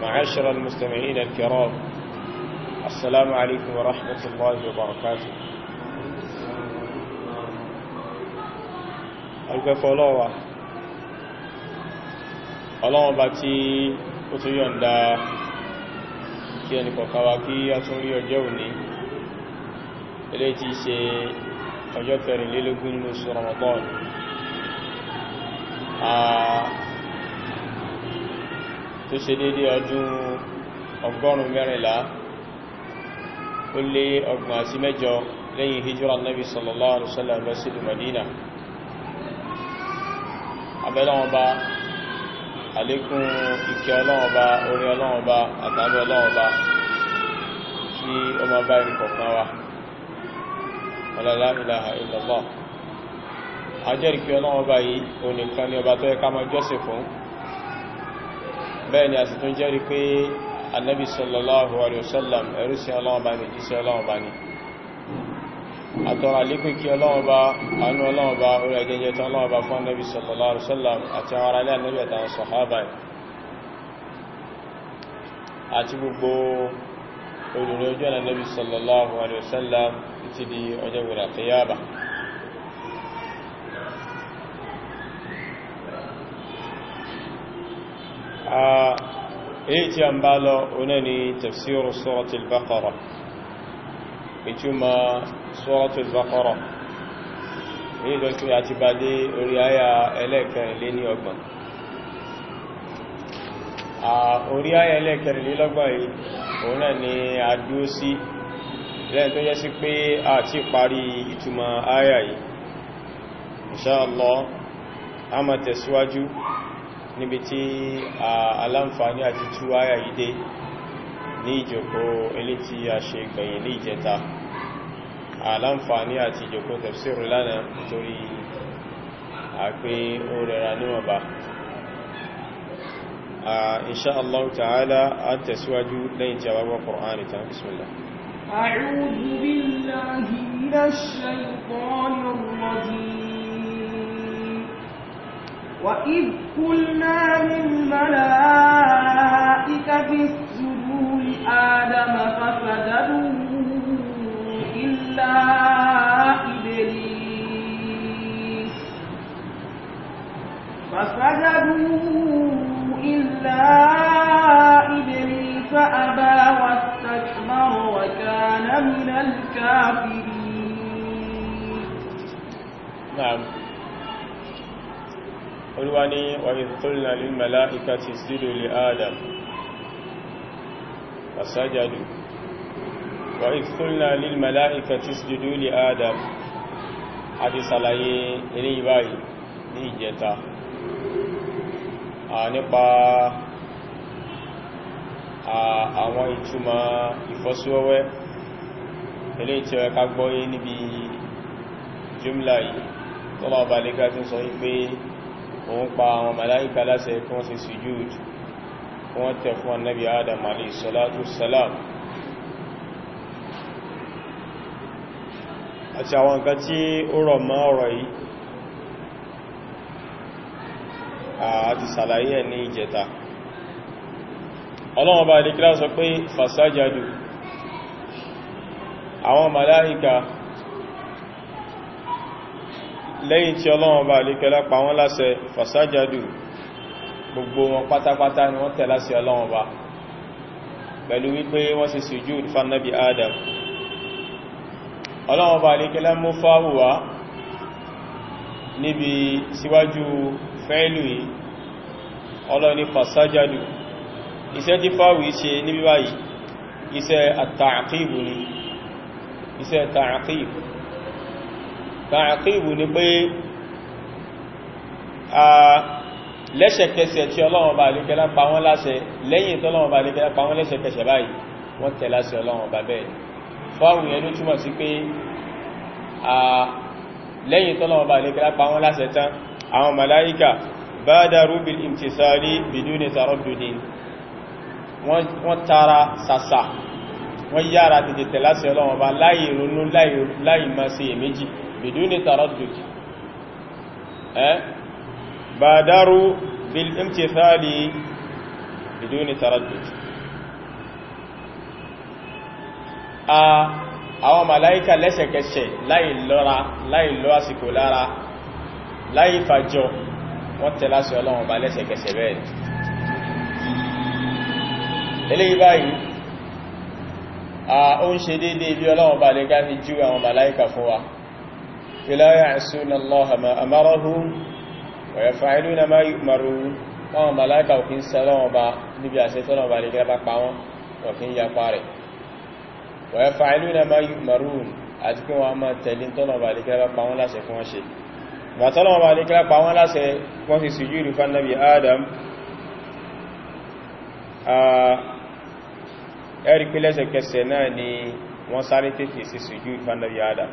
معاشر المستمعين الكرام السلام عليكم ورحمة الله وبركاته البفولوة ọlọ́wọ́n bá tí ó tún yọ̀nda kí ẹni kọ̀kọ̀wà kí a tún rí ọjọ́ òní ilé tí ṣe ọjọ́ kẹrìnlélógún nínú oṣù Ramadan tó ṣe dédé ọdún ọgọ́rùn mẹ́rìnlá ó lé ọgbọ̀n àti mẹ́jọ lẹ́yìn hijira nabi sallallahu alaihi wasallam lọ sí Madina abẹ́lọ́wọ́ba àlékún ìkẹ́ ọlọ́wọ́ba orí ọlọ́wọ́ba àtàrí ọlọ́wọ́ba kí ó máa bá ìrìn kọ̀ọ̀kan wa ọlọ́lá ilaha illallah ajẹ́rìí kí ọlọ́wọ́ba yìí onìkan ni ọba tó yẹ ká máa jọ́sìn fún bẹ́ẹ̀ ni a sì tún jẹ́rìí pé annabi sallallahu alaihi wasallam ẹ̀rú sí ọlọ́ọ̀bá ni iṣẹ́ ọlọ́ọ̀bá ni àtọ́rọ àlékún kí ọlọ́ọ̀bá anú ọlọ́ọ̀bá orí ẹjẹjẹ tán ọlọ́ọ̀bá fún annabi sallallahu alaihi wasallam àti àwọn aráalé annabi àtàwọn sọ̀hábà àti gbogbo olùrẹ́jọ́ èyí tí a ń bá lọ oná ni tafsiru suratul baqara ìtumọ̀ suratul baqara èyí tó kí a ti bá dé orí àyà ẹlẹ́kẹrìnlé ní ọgbọ̀n orí àyà ẹlẹ́kẹrìnlé lọ́gbọ̀n yìí oná ni a dúó sí lẹ́yìn tó yẹ sí pé a ti parí ìtumọ̀ àyà yìí insha Allah a máa tẹ̀síwájú níbi tí aláǹfààní àti túwáyà yìí ní ìjòkó ilé tí a ṣe gbẹ̀yìn ní ìjẹta aláǹfààní àti ìjòkó tafsir lánàá nítorí àpé ó rẹra níwọ̀nba insha Allah ta'ala a tẹ̀síwájú lẹ́yìn tí a wáwọ́ Kùránì tán bismillah أعوذ بالله من الشيطان الرجيم وإذ قلنا للملائكة اسجدوا لآدم فسجدوا إلا إبليس فسجدوا إلا إبليس أبى واستكبر وكان من الكافرين نعم olúwa ní wàhìtòlìnà lè mẹ́láìkà ti sídò lè adam àsájádù wàhìtòlìnà lè mẹ́láìkà ti sídò lè adam a ti sàlàyé ilé ìbáyìí ní ìjẹta a nípa àwọn ìtumọ̀ ìfọ́síwọ́wẹ́ ilé tí ó ká níbi jùmlá yìí tọ́lá ọba lè gá òun pa àwọn màláìkà láṣẹ kí wọ́n ṣe sujúd wọ́n tẹ̀ fún annabi adam alayhi salatu salam àti àwọn nǹkan tí ó rọ̀ mọ́ ọ̀rọ̀ yìí àti sàlàyé ẹ̀ ní ìjẹta ọlọ́wọ́n bá ìdíkílá sọ pé fasajadu àwọn màláìkà lẹ́yìn tí ọlọ́wọ́n bá alékẹ́lá pa wọ́n láṣẹ fasajadu gbogbo wọn pátápátá ni wọ́n tẹ̀ láṣẹ ọlọ́wọ́n bá pẹ̀lú wípé wọ́n sì sujúd fánàbí adam ọlọ́wọ́n bá alékẹ́lá mú fáwùwá níbi síwájú fẹ́lú yìí ọlọ́ni fasajadu iṣẹ́ tí fáwùí ṣe níbi báyìí iṣẹ́ àtàkìbù ni iṣẹ́ àtàkìbù tààkìbù ni pé a lẹ́sẹ̀kẹsẹ̀ tí ọlọ́run bá nìkẹ́lá pa wọ́n láṣẹ lẹ́yìn tọ́lọ́run bá nìkẹ́lá pa wọ́n lẹ́sẹ̀kẹsẹ̀ báyìí wọ́n tẹ̀ láṣẹ ọlọ́run bá bẹ́ẹ̀ fọ́ọ̀rùn yẹn ló túmọ̀ sí pé a lẹ́yìn tọ́lọ́run bá nìkẹ́lá pa wọ́n láṣẹ tán àwọn màláíkà badaru bil imtisali biduni taraddudi wọ́n tara sàsà wọ́n yára tètè tẹ̀láṣẹ ọlọ́run bá láì ronú láì máa ṣe èméjì بدون تردد أه؟ بادروا بالامتثال بدون تردد أه؟ àwọn màláíkà lẹ́sẹ̀kẹsẹ̀ láì lọ́ra láì lọ́ àsìkò lára láì fàjọ wọ́n tẹ́lá sí ọlọ́run bá lẹ́sẹ̀kẹsẹ̀ bẹ́ẹ̀ eléyìí báyìí a ó ń ṣe déédéé bí ọlọ́run bá lẹ́gá fi jú àwọn màláíkà fún wa فلا يعصون الله ما أمرهم ويفعلون ما يؤمرون àwọn màláìkà òfin sẹ́lọ́wọ́n bá níbi àṣẹ tọ́lọ̀wọ́n bá lè gẹ́rẹ́ bá pa wọn òfin ya parẹ̀ ويفعلون ما يؤمرون àti pé wọ́n máa tẹ̀lé tọ́lọ̀wọ́n bá lè gẹ́rẹ́ bá pa wọn láṣẹ fún wọn ṣe ìgbàtọ́lọ̀wọ́n bá lè gẹ́rẹ́ pa wọn láṣẹ wọ́n sì sùjúdù fún Nabi Adam ẹ̀rí pé lẹ́sẹ̀kẹsẹ̀ náà ni wọ́n sáré tètè sí sùjúdù fún Nabi Adam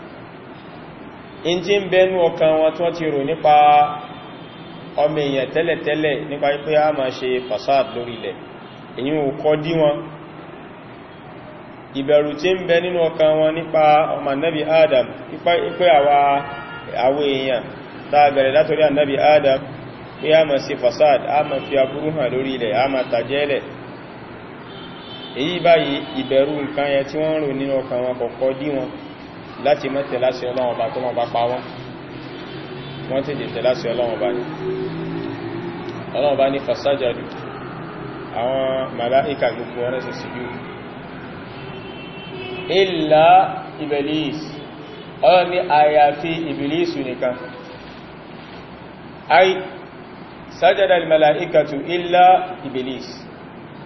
in ti n bẹnu ọkàn wọn tí wọ́n ti rò nípa ọmọ èèyàn tẹ́lẹ̀tẹ́lẹ̀ nípa a ṣe fasad lori èyí ò kọ́ dí wọn ìbẹ̀rù tí n bẹ nínú wọn nípa ọmọ nabi adam pípẹ́ àwọ èèyàn tàà bẹ̀rẹ̀ látorí adam pé a máa ṣe fasad a máa fi aburú hàn lórílẹ̀ a máa tàjẹ́lẹ̀ èyí báyìí ìbẹ̀rù nǹkan tí wọ́n rò nínú ọkàn wọn kọ̀kọ́ dí wọn láti má tẹ̀láṣẹ ọlọ́wọ́n bá tó wọ́n bá pa wọ́n wọ́n ti dè tẹ̀láṣẹ ọlọ́wọ́n bá ní ọlọ́wọ́n bá ní fasajadu àwọn màláíkà gbogbo wọn ṣe sùjú illa Iblis ọlọ́wọ́n ní àyàfi ibelis nìkan ai sajada al-mala'ikatu illa Iblis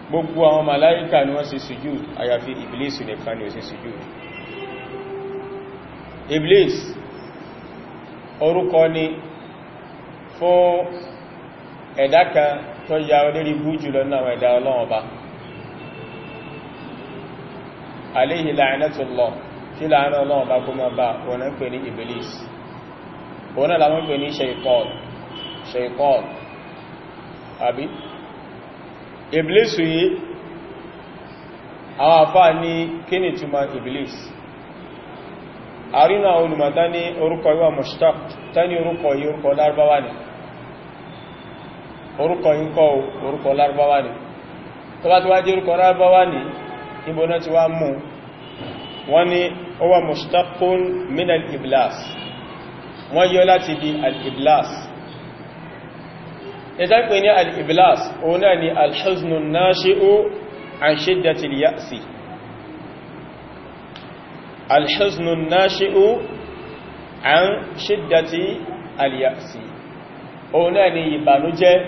gbogbo àwọn màláíkà ni wọ́n ṣe sùjú àyàfi Iblis nìkan ni ó ṣe sùjú iblis orúkọ ni fún ẹ̀dá kan tó ya olérí bú jùlọ náà ẹ̀dá ọlọ́wọ́n ba aléhì la'inatullah kí láàrín ọlọ́wọ́n bá kúmọ bá wọn ń pè ní iblis wọn náà láwọn ń pè ní shaytan àbí iblis yìí àwọn àfáà ní kí ni iblis àrínà olùmọ̀tá ní orúkọ yíwa mushtaq tá ní orúkọ yí orúkọ lárúbáwá ni orúkọ yí kọ́ orúkọ lárúbáwá ni tó bá ti wá jẹ́ orúkọ lárúbáwá ni ibo náà ti wá mú wọ́n ní ó wà mushtaqun min al-iblas wọ́n yọ láti di al-iblas ìtàkùn ní al-iblas الحزن الناشئ عن شدة اليأس ọ̀nà ni ìbànújẹ́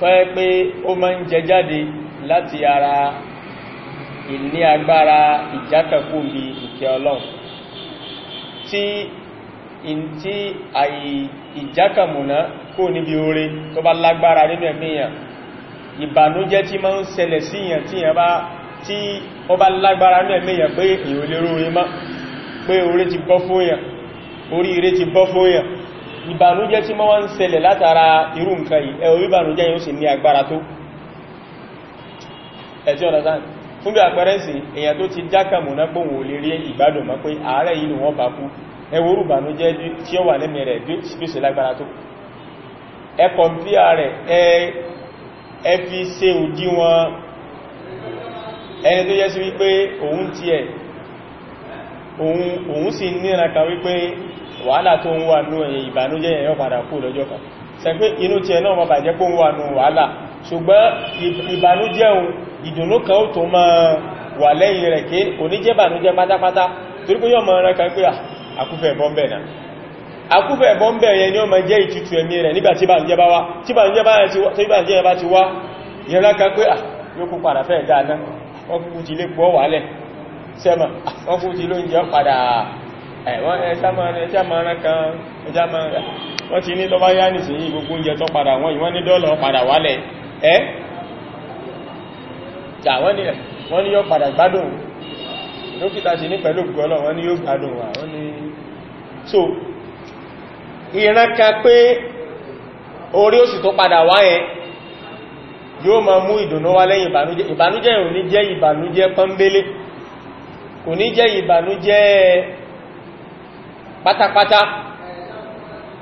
tó yẹ pé ó máa ń jẹ jáde láti ara ìní agbára ìjákẹ̀kú bí ìkẹ́ ọlọ́run tí ìntí àyí ìjákẹ̀mùná kó níbi oore tó bá lágbára nínú ẹ̀míyàn ìbànújẹ́ tí máa ń ṣẹlẹ̀ síyàn tíyàn bá tí ó bá lágbára náà mẹ́yàn pé èyàn lérò orin má pé orí ti bọ́ fún èyàn orí ire ti bọ́ fún èyàn ìbànújẹ́ tí mọ́ wọ́n ń ṣẹlẹ̀ látara irú nǹkan yìí ẹ̀rọ ìbànújẹ́ yóò sì ní agbára tó ẹ̀tí ọ̀nà sáà fún bí àpẹẹrẹ sí èyàn tó ti jákàmù náà pòun ò lè rí ìgbádùn mọ́ pé ààrẹ yìí wọ́n bá kú ẹwọ́rù ìbànújẹ́ tí ó wà lẹ́mìí rẹ̀ bí ó ṣe lágbára tó ẹ kọ̀m̀píà rẹ̀ ẹ fi ṣe òdiwọ̀n ẹni tó yẹ sí wípé òun ti ẹ̀ òun sì níra kan wípé wàhálà tó ń wà ní ẹ̀yìn ìbànújẹ́ ẹ̀yọ́ padà kú lọ́jọ́ kan sẹ́gbé inú ti ẹ̀ náà ma bàjẹ́ kó wà ní wàhálà ṣùgbọ́n ìbànújẹ́ ìdùnnú kan ó tó máa wà lẹ́yìn rẹ̀ kí oníjẹ́ ìbànújẹ́ pátápátá yóò kú padà fẹ́ wọ́n kúkú ti lé pọ́ wálẹ̀ sẹ́mà wọ́n kúkú ti lóúnjẹ padà ẹ̀wọ́n ẹ̀sàmọ̀ràn kan wọ́n ti ní lọ́bá yá nìsìnyí gbogbo oúnjẹ tó padà wọ́n ìwọ́n ní dọ́lọ̀ padà wálẹ̀ ẹ́ tà wọ́n ní yọ padà gbádùn dókítà sí ní pẹ̀lú gọ́lọ̀ wọ́n ní yóò gbádùn wà so ìran kan pé orí òsì tó padà yóò máa mú ìdùnnú wá lẹ́yìn ìbànújẹ́ ìbànújẹ́ ò ní jẹ́ ìbànújẹ́ pọ́nbélé kò ní jẹ́ ìbànújẹ́ pátápátá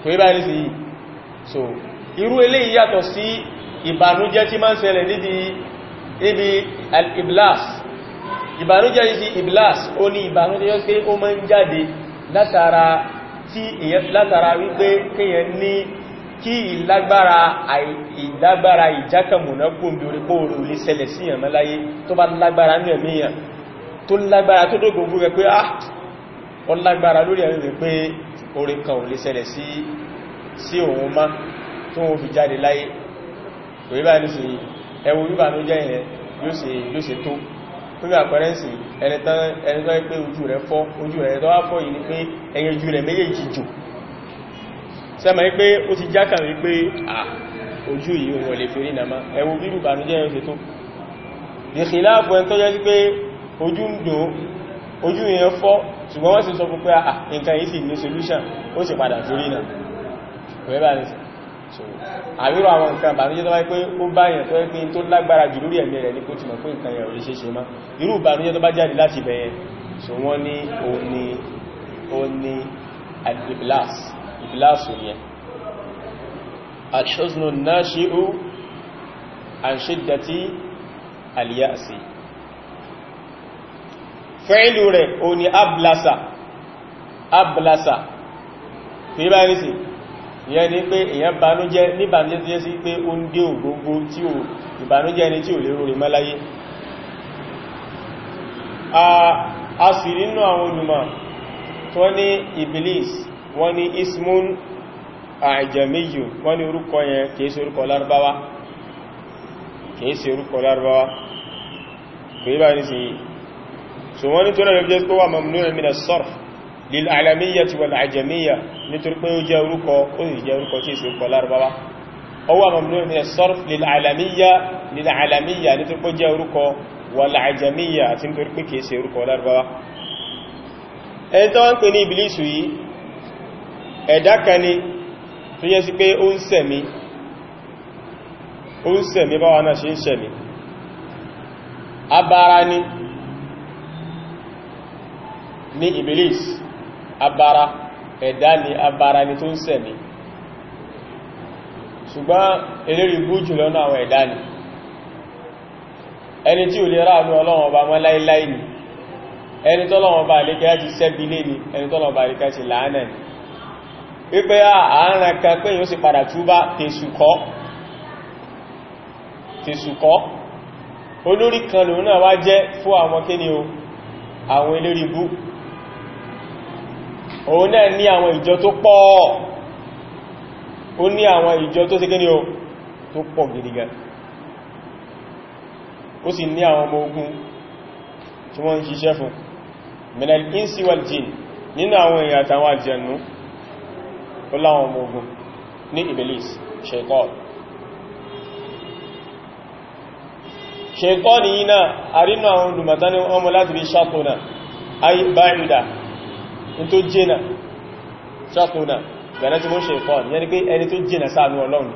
tó yíba ní sí yìí so irú eléyìí yàtọ̀ sí ìbànújẹ́ tí máa ń ṣẹlẹ̀ níbi níbi al-iblas ìbànújẹ́ sí iblas ó ní ìbànújẹ́ pé ó máa ń jáde látara wípé kéèyàn ní kí ìlágbára ìjákàmùnà kún lórí kóòrò lè ṣẹlẹ̀ sí ìyàn mẹ́láyé tó bá lágbára ní ẹ̀mí ìyàn tó lágbára tó dógún fún rẹ pé ah ọ lágbára lórí ẹ̀mí rẹ pé orí kan ò lè ṣẹlẹ̀ sí òun má tó wọ́n fi jáde láyé òyí bá ní sí ẹwọ bíbà ló jẹ́ ni pé sẹ́mà wípé ó ti jákà wípé à ojú yìí wọ́n lè fèrí nàmá ẹwọ bírù bànújẹ́ ẹ̀ṣẹ̀ tó ìkìlá àpò ẹ̀ tó jẹ́ sí pé ojú ń dò ojú yẹn fọ́ ṣùgbọ́n wọ́n sì sọ fún pé à nǹkan yìí sì ní solution ó sì padà fèrí nà àwírò àwọn nǹkan ìbànújẹ́ tó bá pé ó bá yẹn tó pé tó lágbára jù lórí ẹ̀mí rẹ̀ ní kó ti mọ̀ pé nǹkan yẹn ò lè ṣe ṣe má irú ìbànújẹ́ tó bá jáde láti bẹ̀yẹn so wọ́n ní òní òní àdìbìláàsì ìkìláàsù yẹn alhuznu nashi'u an shiddati aliyasi fẹ́ìlú rẹ̀ o ni ablasa ablasa tí bá ní sí ìyẹn ni pé èyàn banújẹ́ ní banújẹ́ tí yẹ́ sí pé ó ń dé ògbógbó tí ò ìbànújẹ́ ni tí ò lérò rẹ̀ mọ́láyé a sì nínú àwọn olùmọ̀ tó ní iblis wọ́n ní ismun àìjẹ̀míyù wọ́n ní orúkọ yẹn kìí ṣe orúkọ lárúbáwá kìí ṣe orúkọ lárúbáwá kò yí bá ní sí so wọ́n ní tó rẹ̀ jẹ́ tó wà mamnu min as-sarf lil alamiyyati wal ajamiyya nítorí pé ó jẹ́ orúkọ ó sì jẹ́ orúkọ tí ṣe orúkọ lárúbáwá ó wà mamnu min pé kìí ṣe orúkọ lárúbáwá ẹni tó wá pè ní ìbìlísù yìí ẹ̀dá kan ni tó yẹ sí pé ó ń sẹ̀mí ó ń sẹ̀mí báwa náà ṣe ń sẹ̀mí abara ni ní Iblis abara ẹ̀dá ni abara ni tó ń sẹ̀mí ṣùgbọ́n eléri bú jùlọ náà àwọn ẹ̀dá ni ẹni tí ò lè ráàánú ọlọ́run ọba mọ́ ni ẹni ọba àlékẹ́ ti sẹ́bílé ni ẹni wípé ah, àárín kan pé yóò sì padà túbá tèṣùkọ́ tèṣùkọ́ olórí kan lòun náà wá jẹ́ fún àwọn kíni o àwọn eléré bú òun náà ní àwọn ìjọ tó pọ̀ ó ní àwọn ìjọ tó sí kíni o tó pọ̀ gidigan ó sì ní àwọn ọmọ ogun tí wọ́n ń ṣiṣẹ́ fún minal insi wal nínú àwọn èèyàn àtàwọn àjẹ̀nú ó láwọn ọmọ ogun ní Iblis ṣẹ̀tọ́n ṣẹ̀tọ́n yìí náà àrínú àwọn olùmọ̀tá ní ọmọ láti rí ṣàtọ́nà ayé báyìdà ní tó jẹ́nà ṣàtọ́nà gẹ̀ẹ́nà tí mọ́ ṣẹ̀tọ́n yẹni pé ẹni tó jẹ́nà sáànú ọlọ́run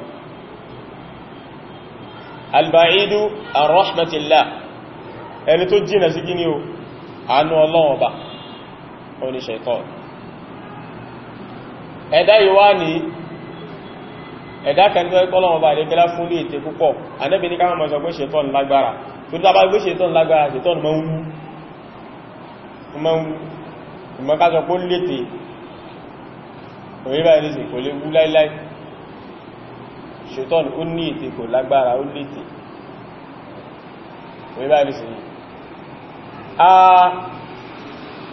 ẹ̀dá ìwá ní ẹ̀dá kan tó ẹgbọ́ lọ́wọ́ bá ìdẹ́kẹ́lá fún ní ètè púpọ̀ anẹ́bì ní káwọn mọ̀sọ̀ pé ṣètọ́n lágbára tó dábá gbé ṣètọ́n lágbára ṣètọ́n mọ́wú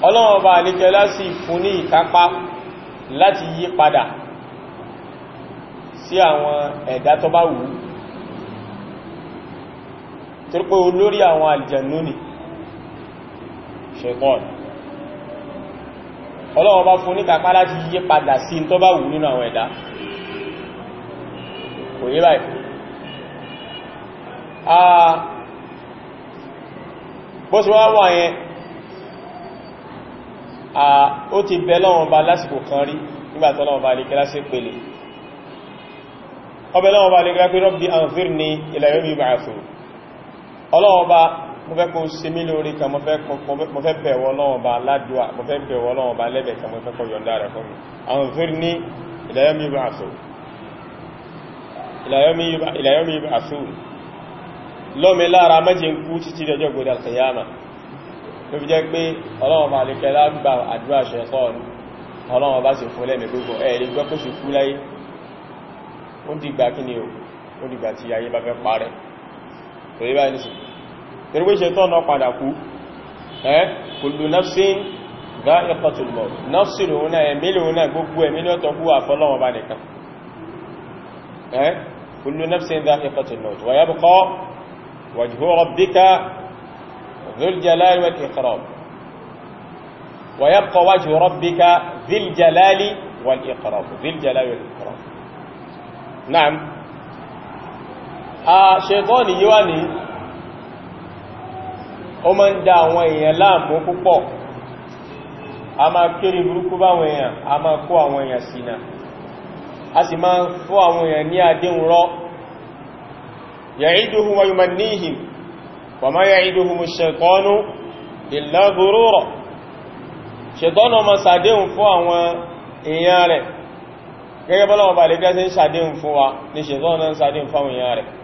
ọlọ́wọ́ bá àlékẹ́lá sí fún ní ìkápá láti yí padà sí àwọn ẹ̀dá tó bá wù torí pé olórí àwọn àlìjànú ni ṣẹ̀kọ́n ọlọ́wọ́ bá fún níkàpá láti yí padà sí tó bá wù nínú àwọn ẹ̀dá kò yí báyìí ah, bó ṣe wá wà yẹn ó ti bẹ lọ́wọ́n ba lásìkò kan rí nígbàtọ́ lọ́wọ́n ba alékẹ́lá sí pèlè ọbẹ̀ lọ́wọ́n ba alékẹ́lá pé rọ́bì anfir ni ìlàyọ́ mi bàá fún ọlọ́wọ́n ba mo fẹ́ kó ṣe mí lórí kan mo fẹ́ bẹ̀wọ́ lọ́wọ́n ba ládùá mo fẹ́ bẹ̀wọ́ lọ́wọ́n ba lẹ́bẹ̀ kan mo fẹ́ kó yọ̀ǹda rẹ̀ fún mi anfir ni ìlàyọ́ mi bàá fún ìlàyọ́ mi bàá fún lọ́mi lára mẹ́jẹ̀ ń kú títí dọjọ́ gbọdọ̀ kìyàmà tó fi jẹ́ pé ọlọ́run bá lè kẹlá gba àdúrà ṣẹ̀tọ́n ọlọ́run bá sì fún lẹ́mì gbogbo ẹ̀rí gbọ́ kó sì kú láyé ó dìgbà kí ni ó dìgbà tí ayé bá fẹ́ parẹ́ torí bá ní sí torí pé ṣẹ̀tọ́n náà padà kú ẹ́ kullu nafsin dha'iqatul maut nafsi lòun náà ẹ̀mí lòun náà gbogbo ẹ̀mí ní ذو الجلال والإكرام ويبقى وجه ربك ذي الجلال والإكرام ذي الجلال والإكرام نعم الشيطان يواني ó máa ń dá àwọn èèyàn láàmú púpọ̀ a máa kéré burúkú báwọn èèyàn a máa kó àwọn èèyàn sínà a sì máa fún àwọn èèyàn ní àdéhùn rọ́ ya'iduhum wa yumannihim وما يعدهم الشيطان إلا غرورا ṣètọ́nà ọmọ sàdéhùn fún àwọn èèyàn rẹ̀ gẹ́gẹ́ bọ́lọ́wọ́ bá lè bí a ti ń sàdéhùn fún wa ní ṣètọ́nà ń sàdéhùn fún àwọn èèyàn rẹ̀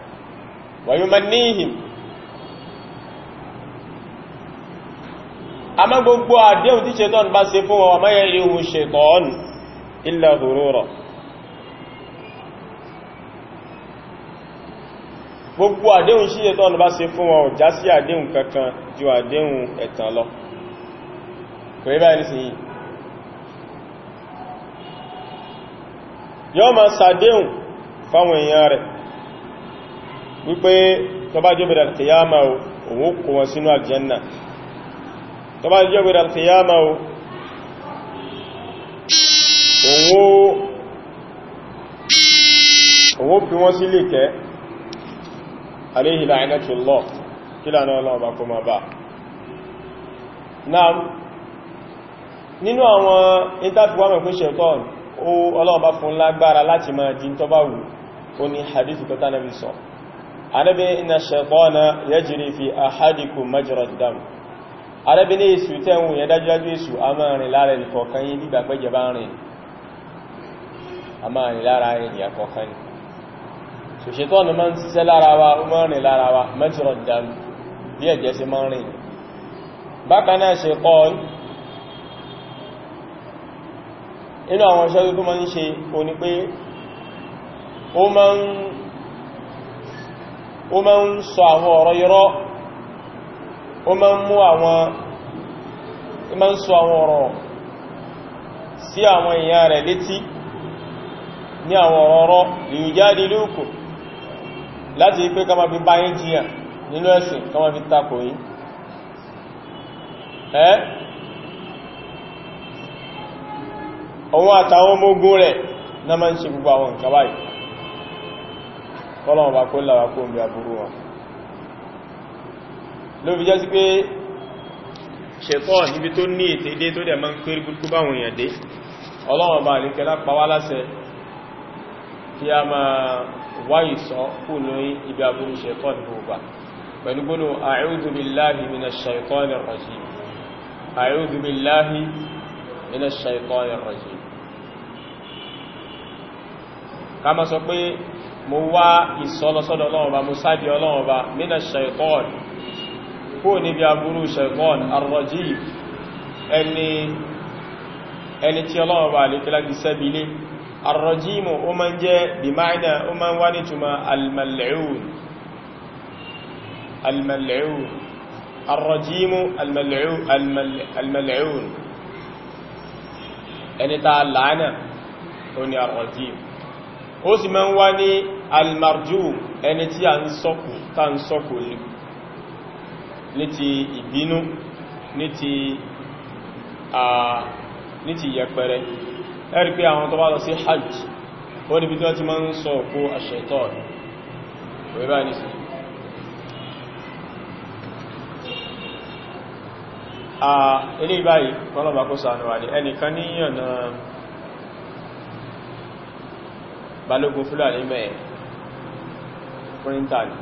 gbogbo àdéhùn ṣíṣe tó ọ̀nà bá ṣe fún wọn já sí àdéhùn kankan ju àdéhùn ẹ̀tàn lọ kò rí báyìí nísìnyí yọ́ ma sàdéhùn fáwọn èèyàn rẹ̀ wípé tó bá jọ́bẹ̀rẹ̀ alkiyama òun kò wọn sínú aljanna tó bá jọ́bẹ̀rẹ̀ alkiyama òun ó fi wọn sílé kẹ́ẹ̀ aléhì láìnàtùlọ́ kílànà ọlọ́ọ̀bá kó ma bá náà nínú àwọn interfiwamẹ̀ fún ṣẹ̀tọ́n ó ọlọ́ọ̀bá fún lágbára láti máa jí tó bá ní hadith kọta na sọ arábí iná ṣẹ̀tọ́nà na yẹ a máa rìn lára ẹnìkọ̀ọ̀kan so ṣetọ́nù máa ń ṣiṣẹ́ lára wa ó máa ń rìn lára wa mẹ́tìrọ̀ dànù bí ẹ̀jẹ̀ ṣe máa ń rìn bákan náà ṣetọ́n inú àwọn iṣẹ́ tó máa ń ṣe o ní pé ó máa ń sọ àwọn ọ̀rọ̀ irọ́ ó máa ń sọ àwọn ọ̀rọ̀ sí àwọn èèyàn rẹ̀ létí ní àwọn ọ̀rọ̀ liyujadilukum láti pé ká máa fi bá yín jiyàn nínú ẹ̀sìn ká máa fi takò yín ẹ́ òun àtàwọn ọmọ ogun rẹ̀ na máa ń ṣe gbogbo àwọn nǹkan báyìí kọ́lọ̀wọ̀n bá kó lára kó ń bí aburú wọn ló fi jẹ́ sí pé ṣẹ̀tọ́ níbi tó ní ètè dé tó dẹ̀ máa ń kéré burúkú báwọn èèyàn dé ọlọ́wọ̀n bá wá ìsọ́ kúrò ibi aburú ṣẹ̀tọ́ ní gbogbo pẹ̀lú gbónú a'udhu billahi minash shaitanir rajim a'udhu billahi minash shaitanir rajim ká má sọ pé mo wá ìsọ́lọ́sọ́dọ̀ Ọlọ́run Ọba mo sáàdì Ọlọ́run Ọba minash shaitan arrojimu o ma ń jẹ́ bí máìnà o ma ń wá ní túnmà almal'un almal'un arrojimu almal'un ẹni ta lánà o ni arrojimu ó sì ma ń wá ní almarju ẹni tí a ń sọ́kù ta ń sọ́kù ní ti ìbínú ní ti yẹpẹrẹ ẹ̀rí pé àwọn tó bá lọ sí hajj ó níbi tí wọ́n ti máa ń sọ òkú àṣẹ̀tọ́ ìwẹ̀bá ní sí à ilé ìbáyìí kọlọ̀bà kó sàánúwàdì ẹnìkan ní ọ̀nà balógun fúlàní mẹ́ẹ̀ píríntà ní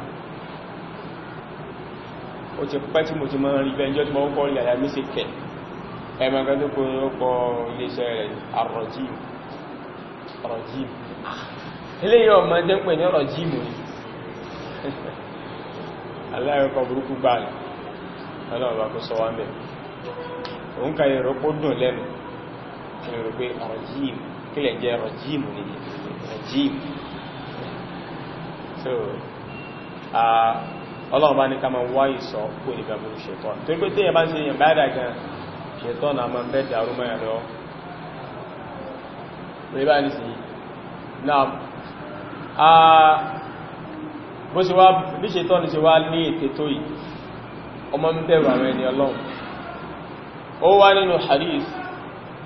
ó ti pẹ́ tí mo ti máa rí bẹ́ẹ̀ jẹ́ tí mo kọ́ rí àyà mí ẹmọ̀gá tó kò ní ọkọ̀ iléeṣẹ́ rẹ̀ arọ̀jíìmù ilé yọ ọmọ jẹ́ pẹ̀ ní ọ̀rọ̀jíìmù ni aláyọkọ̀ burúkú gbà ní ọlọ́ọ̀bá kó sọ wá mẹ́ òun ka yẹ̀rọ pó dùn lẹ́nu ẹ̀rọ pé ọ̀rọ̀jíìmù kílẹ̀ jẹ́ ọ̀rọ̀jíìmù ni ọ̀rọ̀jíìmù so ọlọ́ọ̀bá ní ká máa wáyìí sọ kó nígbà burú ṣe tọ́ ṣètọ́nà àmà fẹ́ dàrúmọ́ ẹ̀rọ ríbá ní sí náà a bó ṣe wá bí ṣètọ́nà ṣe wá ní ètè tó yìí ọmọ ń bẹ̀rù àwọn ẹni ọlọ́run ó wá nínú hadith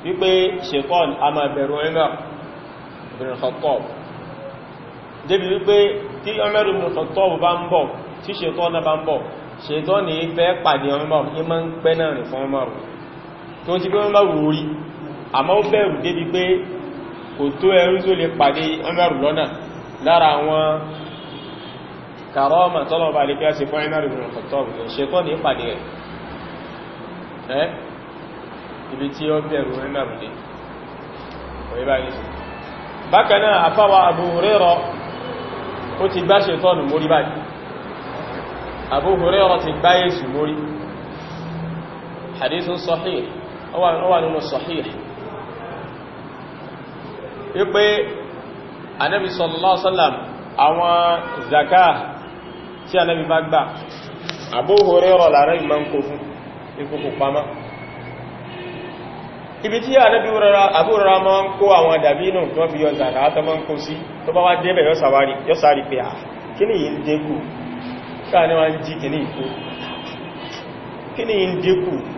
wípé ṣètọ́nà àmà bẹ̀rù ẹ̀rọ ìrìnkọ̀tọ̀ débi wípé tí ọmọrù mọ̀tọ̀tọ̀ bá ń bọ̀ tí pàdé ọmọ ìmọ̀ ń pẹ́ náà rìn fún ọmọ rẹ̀ tó ti pé Umaru orí àmọ́ ó bẹ̀rù débi pé kò tó ẹrú tó lè pàdé Umaru lọ́nà lára àwọn kàrọ́ọ̀mà tọ́lọ̀bà lè kẹ́ sí fún Umaru ibn Khattab ṣetán ní pàdé rẹ̀ ibi tí ó bẹ̀rù Umaru dé bákanáà àfáwà Abu Hurairah ó ti gbá ṣetán mórí báyìí wà nínú sahih wípé anábi sallallahu alaihi àwọn zaka tí anábi bá gbà Abu Hurairah láàrin ìmọ̀ ń kó fún ikúkù pamá ibi tí anábi Abu Hurairah ń kó àwọn dàbínù tó fi yọ zaka tó máa ń kó sí tó bá wá débẹ̀ pé ah, kí ni ń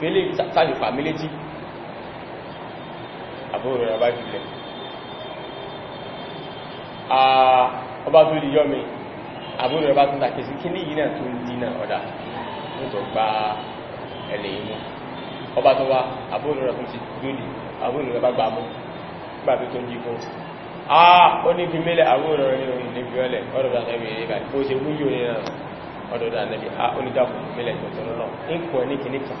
fẹ́lẹ̀ tàbí pàmílétí àbúrò rẹ̀ bá jùlẹ̀ ọba tó di yọ́mi àbúrò rẹ̀ bá tún tàkì sí kí ní yìí náà tó ń dínà ọ̀dá nítọ̀ gba ẹ̀lẹ̀ inú ọba tó wá àbúrò rẹ̀ tún ti gbódì àbúrò rẹ̀ bá gbà mú gbàbí tó ń jí kó ah ó ní fi mẹ́lẹ̀ àbúrò rẹ̀ ní orin ní fiọ́lẹ̀ ọ̀dọ̀dà nẹ́bí eré báyìí bó ṣe wúyò ní ọ̀dọ̀dà nẹ́bí ah ó ní dákùn mẹ́lẹ̀ tọ̀tọ̀ lọ́nà ń kọ̀ ní kìnnìkan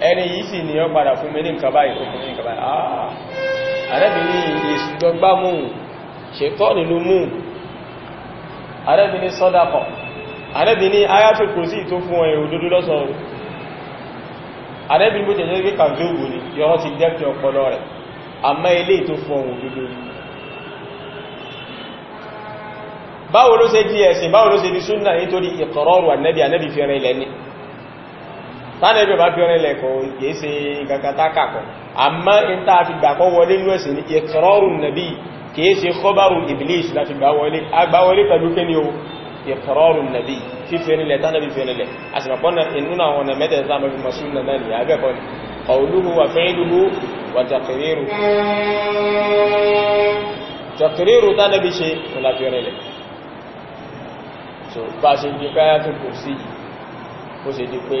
ẹni yìí sì ni ọ padà fún mi ní nǹkan báyìí fún mi ní nǹkan báyìí ah, àà arẹ́bìnrin èsù gbọgbá mú ṣètọ́ nílùú mú arẹ́bìnrin sọ́dàpọ̀ arẹ́bìnrin ayatul kursi tó fún ẹ̀ òdodo lọ́sọ̀rọ̀ arẹ́bìnrin bó tẹ̀jẹ́ pé kàndógù ni yọ́ ti dẹ́kì ọpọlọ rẹ̀ àmá ilé tó fún ọ̀hún òdodo báwo ló ṣe di ẹ̀sìn báwo ló ṣe di súnnà nítorí ìkọ̀rọ̀rù ànẹ́bì ànẹ́bì fi rẹ̀ ilẹ̀ ni tánẹ́bẹ̀ bá fi ọ̀rẹ́ lẹ́kọ̀ọ́ yìí ṣe kankatákàkọ̀ àmá in ta fi gbàkọ́ wọlé ní ẹ̀sìn ní ìkọrọrùn nàbí kìí ṣe kọbárùn iblis láti gbàwọlé pẹ̀lú kí ni o ìkọrọrùn nàbí fífẹ́rinlẹ̀ tánẹ́bí fẹ́rinlẹ̀ àṣìmọ̀pọ̀nà inúnà àwọn mẹ́tẹ̀ẹ̀ta mẹ́fì masúlùmọ̀ náà ni àgbẹ̀kọ́ qawluhu wa fi'luhu wa taqriruhu taqriruhu tánẹ́bí ṣe ìlàfẹ́rinlẹ̀ so bá ṣe di pé ayatul kursi ó ṣe di pé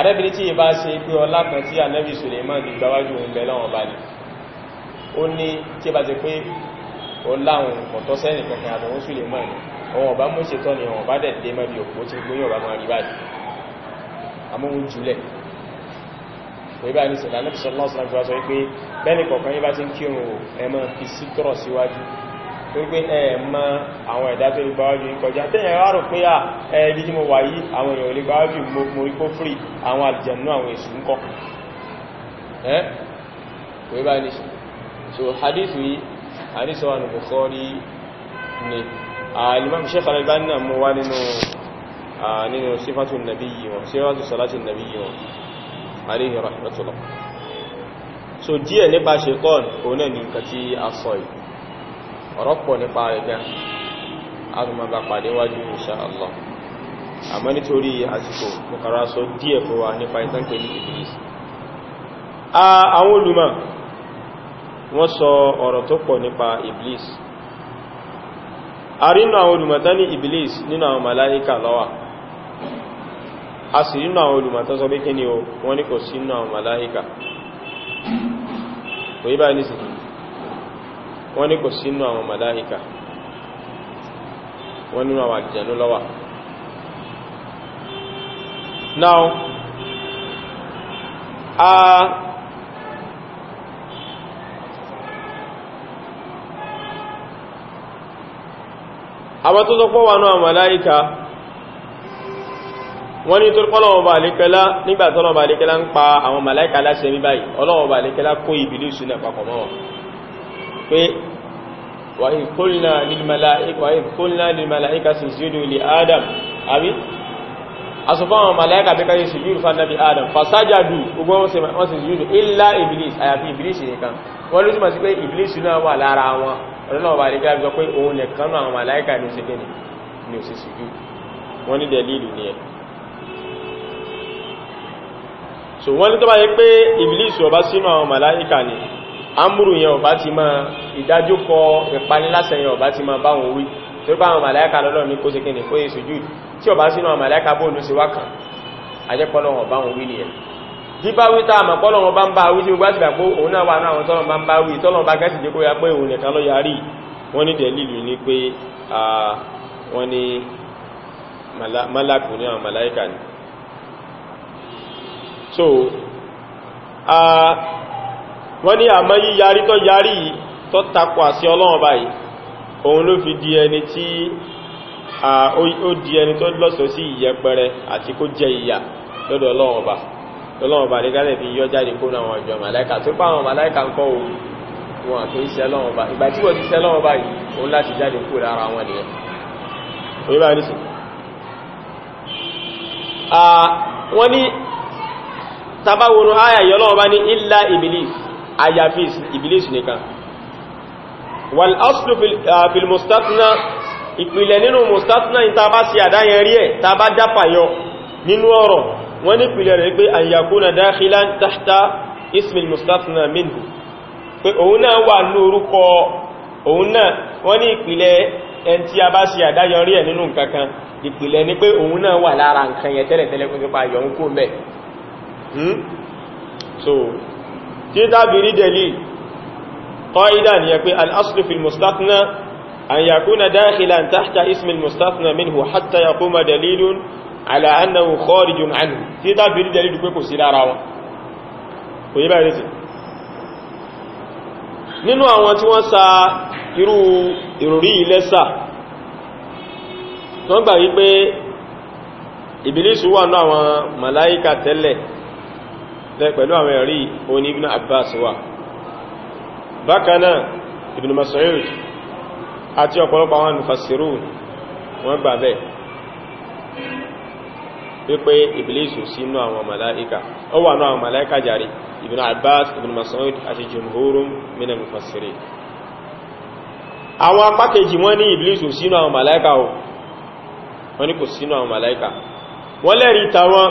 arábìnrin tí ìbá ṣe pé ọlá kan tí ànábì Suleiman ti gbáwájú ń bẹ láwọn bá ní ó ní tí bá ti pé ọláhun ọ̀tọ́ sẹ́nì kankan àtọ̀hún Suleiman ọwọ́n ọba mú ṣetọ́ ni ọwọ́n bá dẹ̀dẹ̀ mẹ́bí òpó tí gbóyìn ọba máa rí báyìí amóhun jùlẹ̀ ìbá ní sẹ̀dá nẹ́bí sọ́lọ́sọ́lá wípé ẹ mọ àwọn ẹ̀dá tó lè gbáwájú yìí kọjá tẹ́yìn rárò pé à ẹ̀ẹ́dí tí mo wà yìí àwọn èèyàn lè gbáwájú mo rí kó fìrì àwọn àlùjànnú àwọn èṣù ń kọ́ so hadith yìí hadith wà ní Bukhari ni alimami Sheikh Al-Albani náà mo wá nínú nínú sífàtù nàbí yìí wọn sífàtù salati nàbí yìí wọn alayhi rahmatullah so díẹ̀ nípa ṣe kọ́ òun náà ní nǹkan tí a sọ yìí ọ̀rọ̀pọ̀ nípa rẹ̀ gan pàdé wájú insha àmọ́ nítorí àsìkò mọ̀kàrá sọ díẹ̀ fún wa nípa ní wọ́n sọ ọ̀rọ̀ tó iblis a rí nínú àwọn ní iblis nínú àwọn màláíkà lọ́wà a sì rí nínú àwọn olùmọ̀tá sọ pé kí ni o wọ́n ní kò àwọn màláíkà kò wọ́n ní kò sínú àwọn màláíkà wọ́n nínú àwọn àjẹ̀nú lọ́wà now a àwọn tó sọpọ̀ wà náà màláíkà wọ́n ní torí pọ́lọ̀wọ̀ bà lékẹ́lá nígbàtọ́lọ̀wọ̀ bà lékẹ́lá ń pa àwọn màláíkà láṣẹ mí báyìí ọlọ́wọ̀ bà lékẹ́lá kó ìbìlì ìṣúnà papọ̀ mọ́ pé wa idh qulna lil malaika wa idh qulna lil malaika isjudu li Adam àbí asọ́fọ́ àwọn màláíkà bí káyé sùjúdù fún ànábì Adam fasajadu gbogbo wọn sì sùjúdù illa Iblis àyàfi Iblis nìkan wọ́n ló túnmọ̀ sí pé Iblis náà wà lára wọn ọlọ́nà ọba àdíkà sọ pé òun nìkan náà àwọn màláíkà ní òsèké ni ní òsè sùjúdù wọ́n ní dẹ̀lílù ni ẹ̀ so wọ́n ní tó bá yẹ pé Iblis ọba sínú àwọn màláíkà ni amúrù yẹn ọ̀bá ti máa ìdájókọ ìpanilásẹ̀ yẹn ọ̀bá ti máa bá wọn wí tó bá àwọn màláíkà lọ́lọ́ ní kó se kíni kó èsù jù tí ọ̀bá sínú àwọn màláíkà bóòlù sí wá kàn ajẹ́pọ̀lọ́ wọn bá wọn wí nìyẹn bí bá wí tá àmọ́ pọ́lọ́ wọn bá ń bá wí tí gbogbo àti gbàgbó òun náà wà náà tọ́lọ́ bá ń bá wí tọ́lọ́ bá gẹ́sì jẹ́ kó ya pé òun nìkan ló yarí wọ́n ní dẹ̀lílù ní pé wọ́n ní málàkù ní àwọn màláíkà ni so wọ́n ní àmọ́ yíyarí tó yarí yìí tó takò àṣẹ ọlọ́run báyìí òun ló fi di ẹni tí ó di ẹni tó lọ́sọ̀ sí ìyẹpẹrẹ àti kó jẹ ìyà lọ́dọ̀ ọlọ́run ọba ọlọ́run ọba nígbàlẹ̀ fi yọ jáde kó náà wọn jọ màláìka tó bá àwọn ń kọ́ òun wọn àti ní sùn. wọ́n ní tabawonu aya ní illa iblis àyàfi ìbílísù nìkan wal aslu ah, fil mustatna ìpìlẹ̀ nínú mustatna ìtaba sí àdáyẹn rí ẹ̀ tàbá dápàyọ nínú ọ̀rọ̀ wọ́n ní ìpìlẹ̀ rẹ̀ pé an yakuna dakhilan tahta ismil mustatna minhu pé òun náà wà ní orúkọ òun náà wọ́n ní ìpìlẹ̀ ni pé òun náà wà lára nǹkan yẹn tẹ́lẹ̀tẹ́lẹ̀ pípa yọ̀ ń kó hmm? so tí tàbí rí dẹ̀lì qaida ni ya pé al'aslu fil mustathna an yakuna dakhilan tahta ismi al-mustathna minhu hatta yaquma dalilun ala annahu kharijun anhu tí tàbí rí dẹ̀lì dúpé kò sí lára wọn kò yí báyìí sí nínú àwọn tí wọ́n sa irú ìròrí ilẹ́sà tó ń gbà wípé ìbìlísù wà pẹ̀lú àwọn ẹ̀rí oní ibn abbas wà bákanáà ibn mas'ud àti ọ̀pọ̀lọpọ̀ àwọn mufassiru wọ́n gbà bẹ́ẹ̀ wípé iblis sínú àwọn màláíkà ó wà náà àwọn màláíkà ibn abbas ibn mas'ud àti jumhurum minal mufassirin àwọn apákejì wọ́n ní iblis sínú àwọn màláíkà wọ́n ní kò sínú àwọn màláíkà wọ́n lẹ́rìí tàwọn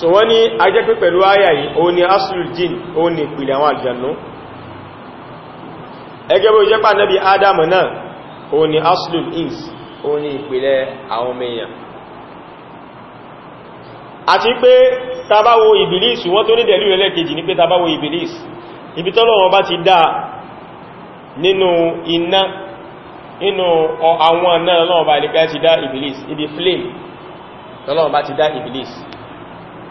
so wọ́n ní ajẹ́ pé pẹ̀lú àyà yìí o ni aslul jin o ni ìpìlẹ̀ àwọn àjànú ẹgẹ́ bó jẹ́ pàdébí adam náà o ni aslul ins o ni ìpìlẹ̀ àwọn mẹ́yàn àti pé tabawo ibilis wọ́n tó ní dẹ̀lú ẹlẹ́kejì ní pé tabawo ibilis ibi tọ́lọ́wọ́n bá ti dáa nínú iná nínú àwọn náà lọ́wọ́ bá ti dá ibilis ibi flame lọ́wọ́ bá ti dá ibilis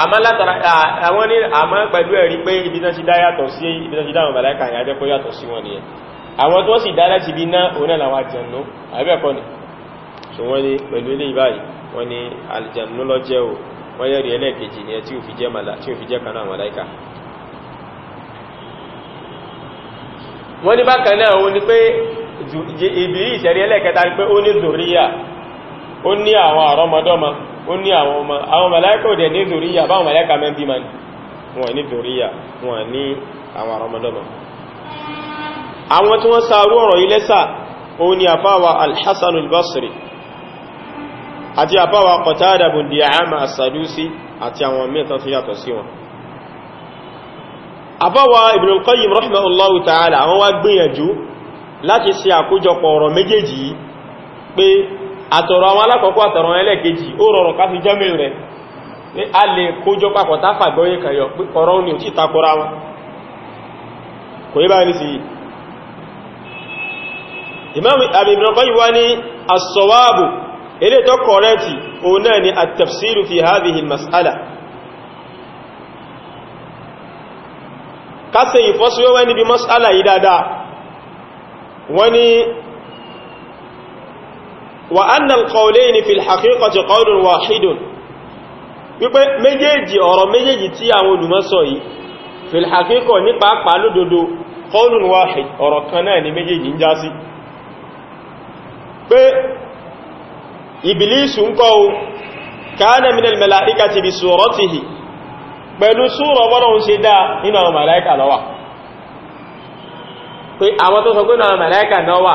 àmọ́ látara àwọn ní àmọ́ pẹ̀lú ẹ̀rí pé ibi tán ti dá yàtọ̀ sí ibi tán ti dáwọn màláíkà yà jẹ́ pé yàtọ̀ sí wọn nìyẹn àwọn tó sì dá láti bí náà òun náà àjànú àbẹ́ẹ̀kọ́ ni so wọ́n ní pẹ̀lú ilé ìbáyìí wọ́n ní àjànú lọ jẹ́ o wọ́n yẹ́rì ẹlẹ́ẹ̀kejì ni tí ò fi jẹ́ kaná màláíkà wọ́n ní bákan náà wọ́n ní pé ìbìrí ìṣẹ̀rí ẹlẹ́ẹ̀kẹta ni pé ó ní zòríyà ó ní àwọn àrọ́mọdọ́mọ ó ní àwọn ọmọ àwọn màláíkà òdẹ̀ ní zòríyà báwọn màláíkà mẹ́ bí ma ní wọ́n ní zòríyà wọ́n ní àwọn arọmọdọ́mọ àwọn tí wọ́n sàárú ọ̀rọ̀ ilẹ́ sà ó ní àfáwà al-Hasan al-Basri àti àfáwà Qatada bin àtọ̀rọ̀ àwọn alákọ̀ọ́kọ́ àtọ̀rọ̀ ẹlẹ́kejì ó rọrùn ká fi jẹ́mì rẹ̀ ní a lè kójọ papọ̀ táfàgbọ́yé kẹyọ pé ọ̀rọ̀ ni ò tí takora wọn kò yí báyìí sí Imam Ibn Qayyim wá ní as وأن القولين في الحقيقة قول واحد wípé méjèèjì ọ̀rọ̀ méjèèjì tí àwọn olùmọ́sọ yìí في الحقيقة nípa pàlódodo قول واحد ọ̀rọ̀ kan náà ni méjèèjì ń já sí pé ìbìlísù ń kọ́ o كان من الملائكة بصورته pẹ̀lú súrọ̀ bọ́lọ̀un ṣe dáa nínú àwọn màláíkà lọ́wà pé àwọn tó sọ pé náà màláíkà náà wà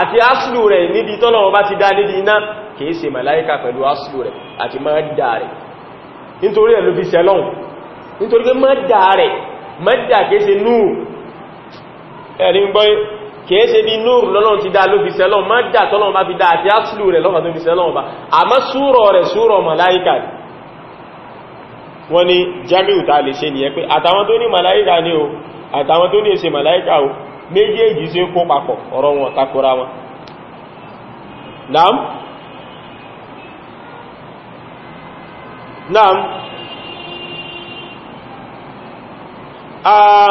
àti aṣìlò rẹ̀ níbi tọ́lọ̀wọ́ bá ti dá níbi iná kìí ṣe màláíkà pẹ̀lú aṣìlò rẹ̀ àti mọ́dá rẹ̀ nítorí ẹ̀ ló fi sẹ́lọ́un nítorí pé mọ́dá rẹ̀ mọ́dá kìí ṣe núù ẹ̀rin gbọ́ kìí ṣe bí núù lọ́lọ́run ti dá ló fi sẹ́lọ́un mọ́dá tọ́lọ́run bá fi dá àti aṣìlò rẹ̀ lọ́kàn tó fi sẹ́lọ́un bá àmọ́ súrọ̀ rẹ̀ súrọ̀ màláíkà ni jamiu ta ni o àtàwọn tó méjèèjì ṣe ọrọ papọ̀ ọ̀rọ̀ wọn na m? na m a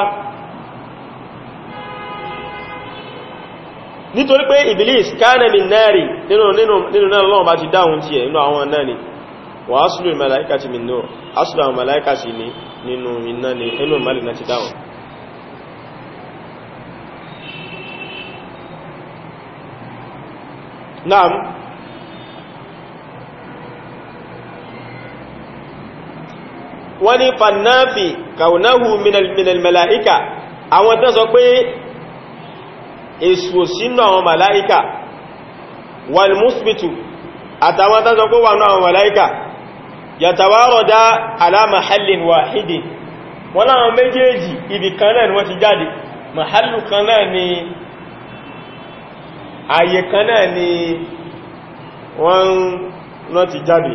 nítorí pé iblis kánàmì náàrí nínú náà lọ́wọ́ bá ti dáhùn tí ẹ̀ nínú àwọn náà ni wọ́n asùlù ìmàláíkà ti mìnú asùlù àwọn nínú ni inú ti dáhùn نعم، wọ́n ní fannáfi kàunáhù minalmala'ika àwọn tán sọ pé èsù sínú àwọn mala'ika wal musbitu àtàwọn tán sọ pé wà náà mala'ika yàtàwárọ̀ dá alama hallin wahidi wọ́n láwọn méjèèjì ibì kan ni wọ́n ti jáde ààyè kan náà ni wọ́n náà ti jáde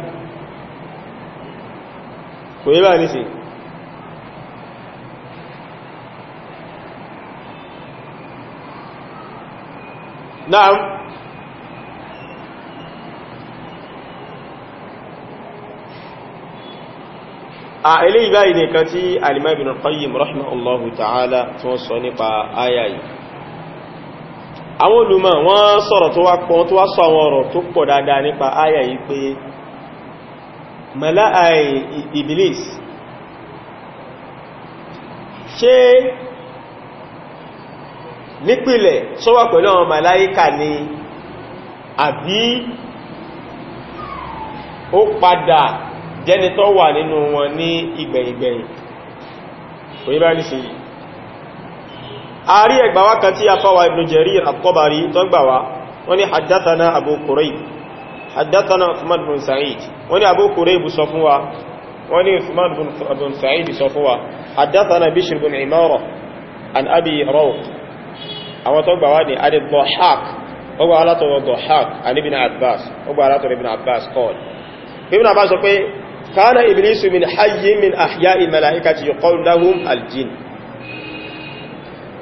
kò yí bá nìsí náà a ilé ìbáyìí nìkan tí Al-Imam rahimahullahu ta'ala tí sọ nípa ayayi àwọn olùmọ̀ wọ́n sọ̀rọ̀ tó wá pọ̀ tó wá sọ àwọn ọ̀rọ̀ tó pọ̀ dáadáa nípa ayà yìí pé mẹ́lá àì Iblis ṣe nípìlẹ̀ sọ́wà pẹ̀lú àwọn màláíkà ni àbí ó padà jẹ́ni tó wà nínú wọn ní ìgbẹ̀yìngbẹ̀yìn òyíbá ní ṣe yìí àárí ẹgbàwá kan tí a fáwà ibn Jarir al-Tabari tó gbàwá wọ́n ni haddathana Abu Kurayb haddathana Uthman bin Sa'id wọ́n ni Abu Kurayb sọ fún wa wọ́n ni Uthman bin Sa'id sọ fún wa haddathana Bishr bin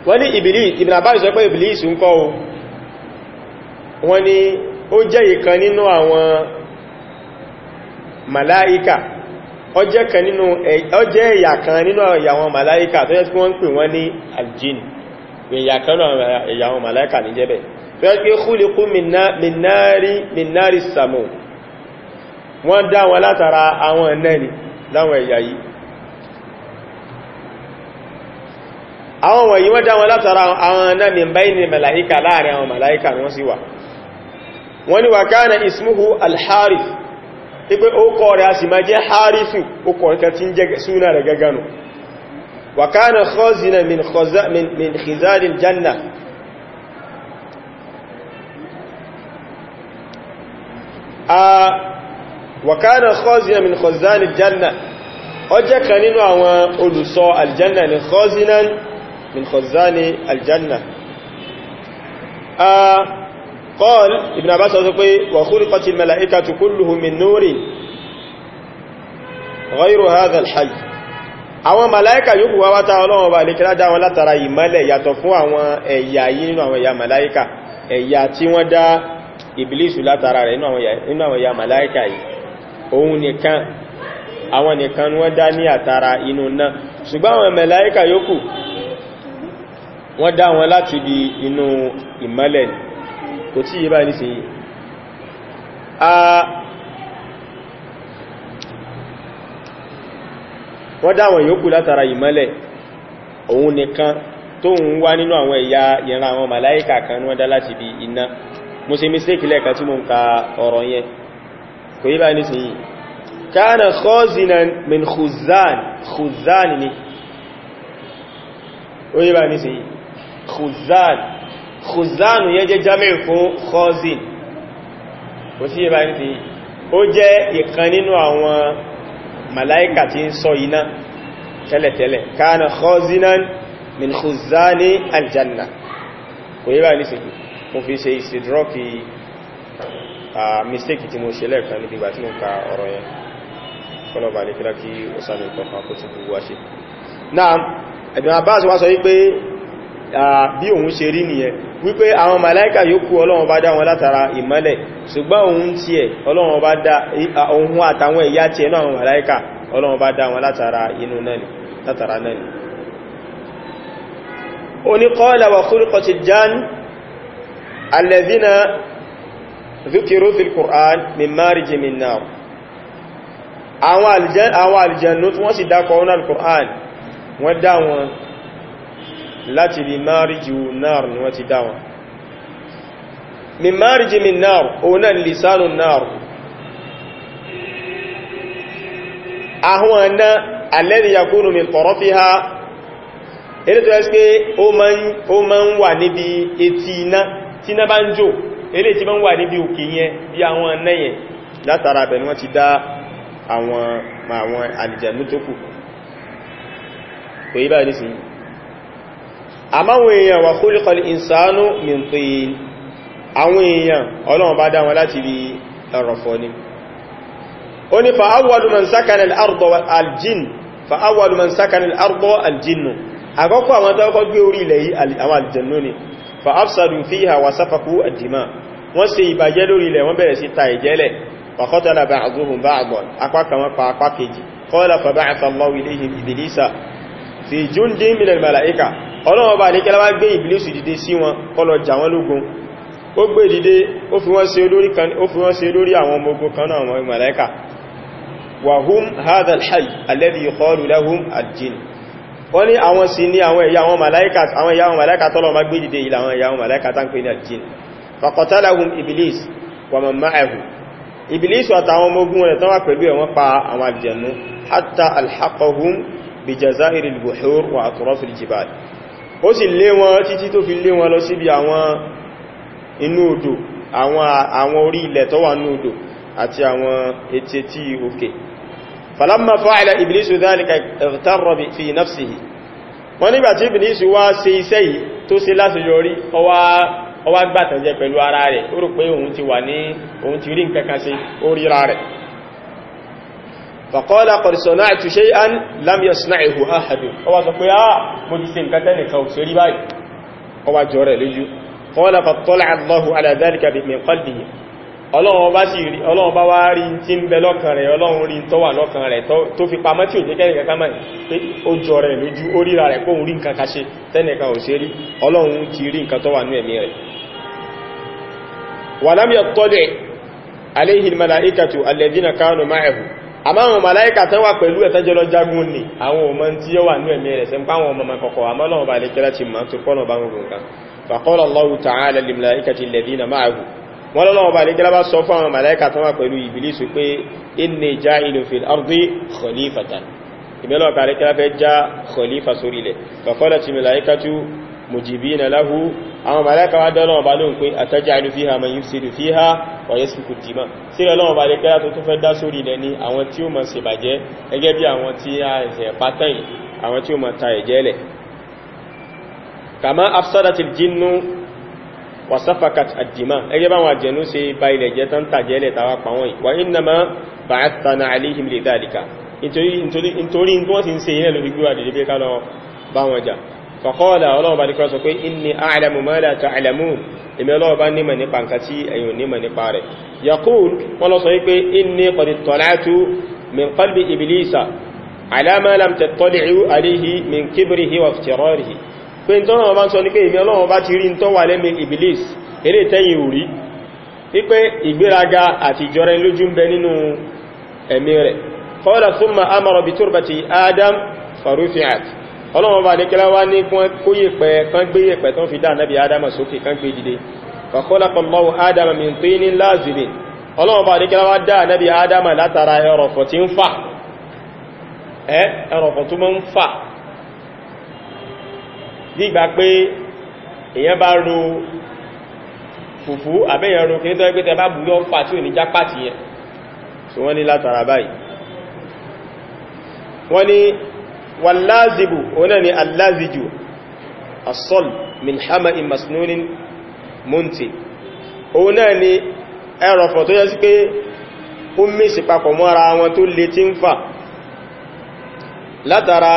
wọ́n ní Iblis Ibn Abbas sọ pé Iblis ń kọ́ o wọ́n ní ó jẹ́ ìkan nínú àwọn màláíkà ó jẹ́ ẹ̀yà kan nínú ẹ̀yà àwọn màláíkà tó yẹ́ tí wọ́n ń pè wọ́n ní aljin ẹ̀yà kan nínú ẹ̀yà àwọn màláíkà ní jẹ́bẹ̀ tó yẹ́ pé khuliqu samu wọ́n dá wọn látara àwọn ẹ̀nẹ́ni láwọn ẹ̀yà yìí àwọn wọ̀nyí wọ́n dá wọn látara àwọn náà ní báyìí ní mẹ́láíkà láàrin àwọn mẹ́láíkà wọ́n sí wà wọ́n ni wà káàna ismuhu alharif ipé ókọ̀ rẹ̀ a sì máa jẹ́ harifu ókọ̀ rẹ̀ tí ń jẹ́ súnà rẹ̀ gaganu wà káàna khazina min khizalil janna wà kan nínú àwọn olùṣọ́ aljanna ni khazinan من خزان الجنة آه قال ابن عباس وخلقت الملائكة كلهم من نور غير هذا الحي àwọn màláíkà yóò wá wátá ọlọ́run bá lè kíra dá wọn látara ìmọ́lẹ̀ yàtọ̀ fún àwọn ẹ̀yà yìí nínú àwọn ẹ̀yà màláíkà ẹ̀yà tí wọ́n dá ìbìlísù látara rẹ̀ nínú àwọn ẹ̀yà màláíkà yìí òun nìkan àwọn nìkan wọ́n dá ní àtara inú náà ṣùgbọ́n àwọn màláíkà yòókù wọ́n dá wọn láti bí inú ìmọ́lẹ̀ kò tí yíba ní sí wọ́n dá wọn yòókù látara ìmọ́lẹ̀ òun nìkan tó ń wá nínú àwọn ẹ̀yà ìran àwọn màláíkà kan ní wọ́n dá láti bí iná mo ṣe mistake lẹ́ẹ̀kan tí mo ń ka ọ̀rọ̀ yẹn kò yíba ní sí kana khazinan min khuzan khuzan ni ó yíba ní sí yìí khuzan khuzan yẹ jẹ́ jami'u fún khozin kò sí yẹba ní ti ó jẹ́ ìkan nínú àwọn màláíkà tí ń ṣọ́ iná tẹ́lẹ̀tẹ́lẹ̀ kana khozinan min khuzani aljanna kò yẹba ní sèkú mo fi ṣe ìsìdrọ́kì mistake tí mo ṣe lẹ́ẹ̀kan níbi ìgbà tí mo ka ọ̀rọ̀ yẹn kọlọ̀bà ní kílákí ó sáré kọ̀ọ̀kan kó tún gbogbo wa ṣe náà Ibn Abbas wá sọ wípé bí òun ṣe rí nìyẹn wípé àwọn màláíkà yòókù ọlọ́run bá dá wọn látara ìmọ́lẹ̀ ṣùgbọ́n òun ti ẹ̀ ọlọ́run bá dá ohun àtàwọn ìyá ti ẹ̀nà àwọn màláíkà ọlọ́run bá dá wọn látara inú náà wọ́n dá wọn láti bí márìjì náà ni wọ́n ti dáwọn mi márìjì mi náà o náà lìsánù náà àwọn ẹ̀nà alẹ́dì yakúnù min ha ilé tó ẹ́sì pé ó ma ń wà níbi etí iná tí iná bá ń jò ilé tí ma ń wà níbi òkè yẹn bí àwọn ẹ̀nà yẹn látara bẹ̀ wọ́n ti dá àwọn àlìjẹ̀nú tó kù kò yí báyìí nísìnyí àmáwọn èèyàn wà khuliqal insanu min tin àwọn èèyàn ọlọ́run bá dá wọn láti rí ẹ̀rọ̀fọ́ ni ó ní fa awwalu man sakana al-ardu al-jinn fa awwalu man sakana al-ardu al-jinn àkọ́kọ́ àwọn tó kọ́ gbé orí ilẹ̀ ọlọ́wọ́ bá ní kẹlẹ́wà gbé ìbílísù dìde sí wọn kọlọ jà wọn lógun ó gbé dìde ó fi wọ́n ṣe olórí àwọn ọmọ ogun kan náà wọn màláíkà wa hum hadha al-hayy alladhi yuqalu lahum al-jinn wọ́n ní àwọn sí ní àwọn ẹ̀yà àwọn màláíkà àwọn ẹ̀yà àwọn màláíkà tọ́lọ̀ ma gbé dìde ìlà àwọn ẹ̀yà àwọn màláíkà tán pè ní al-jinn àtàwọn ọmọ ogun rẹ̀ tán wà pẹ̀lú ẹ̀ pa àwọn àbìjẹ̀nú hatta alhaqahum bi jaza'iril buhur wa atrafil jibal ó sì lé wọn títí tó fi lé wọn lọ síbi àwọn inú odò àwọn orí ilẹ̀ tó wà nínú odò àti àwọn etí etí òkè falamma fa'ala iblisu dhalika ightarra fi nafsihi wọ́n nígbàtí iblisu wá ṣe iṣẹ́ yìí tó ṣe láti yọrí ọwá gbàtànjẹ pẹ̀lú ara rẹ̀ ó rò pé òun ti wà ní òun ti rí nǹkan kan ṣe ó ríra rẹ̀ fàkọ́lá kọ̀rìsọ̀nà àti ṣe án lámíọ̀sánà ìhù áhàdù ọwá sọ pé àà ah, mo ti ṣe nǹkan tẹ́nìkan ò ṣe rí báyìí ọwá jọ rẹ̀ lójú kọ́lá fàtọ́lá Allahu ala dhalika min qalbihi ọlọ́run bá wá rí tí ń bẹ lọ́kàn rẹ̀ ọlọ́run rí tó wà lọ́kàn rẹ̀ tó fi pamọ́ tí ò jẹ́ kẹ́rẹ̀ malaikatu alladhina kanu ma'ahu àmọ́ àwọn màláíkà tán wà pẹ̀lú ẹ̀tẹ́jọlọ jagun ní àwọn ọmọ tí ó wà ní ẹ̀mí rẹ̀ sẹ́m páwọn ọmọ kọ̀kọ̀ àmọ́lọ́wọ́ bá lè kẹ́lá ti máa tó pọ́nà bá gbogbo nǹkan faqala Allahu ta'ala lil malaikati alladhina ma'ahu wọ́n lọ́wọ́ bá mujibina lahu àwọn màláíkà wá dá Ọlọ́run bá lóhùn pé ataj'alu fiha man yufsidu fiha wa yasfiku dima sí Ọlọ́run bá lè kẹ́lá tó tún fẹ́ dá sórí ilẹ̀ ní àwọn tí ó máa ṣe bàjẹ́ gẹ́gẹ́ bí àwọn tí a ẹ̀sẹ̀ pátẹ́yìn àwọn tí ó máa ta ẹ̀jẹ̀ lẹ̀ kama afsadatil jinnu wasafakat adima ẹgbẹ́ bá wọn àjẹ̀nú ṣe bá ilẹ̀ jẹ́ tán tàjẹ́lẹ̀ tàwà pàwọn ìwà innama ba'athana alayhim lidhalika nítorí nítorí nítorí wọ́n sì ń ṣe ilẹ̀ lórí gbíwà dìde bí ká lọ bá wọn jà faqala ọlọ́run bá ní kọ́ sọ pé inni a'lamu ma la ta'lamun èmi ọlọ́run bá nímọ̀ nípa nǹkan tí ẹ̀yin nímọ̀ nípa rẹ̀ yaqul wọ́n lọ sọ wípé inni qad ittala'tu min qalbi iblisa ala ma lam tattali'u alayhi min kibrihi wa iftirarihi pé n tọ́nà ọba ń sọ ní pé èmi ọlọ́run bá ti rí ń tọ́wà ọlọ́wọ́n bá dékẹ́lá wá ní kó yẹ̀pẹ̀ kan gbé yẹ̀pẹ̀ tó fi dá nábi adama sókè kan gbé dìde fàkọ́lápọ̀lọ́wọ́ adama min tí ní láàzìlì ọlọ́wọ́n bá dékẹ́lá wá dá nábi adama látara ẹrọ̀fọ̀ tí ń fà ẹ́ ẹrọ̀fọ̀ tó mọ́ ń fà nígbà pé èyàn bá ro wọ́n ní wàláàzìbù oní ni aláàzìjù asol min hama imasnunin munti òun náà ni ẹrọ̀fọ̀ tó yẹ sí pé ó mèsì papọ̀ mọ́ ara wọn tó lè tí ń fà látara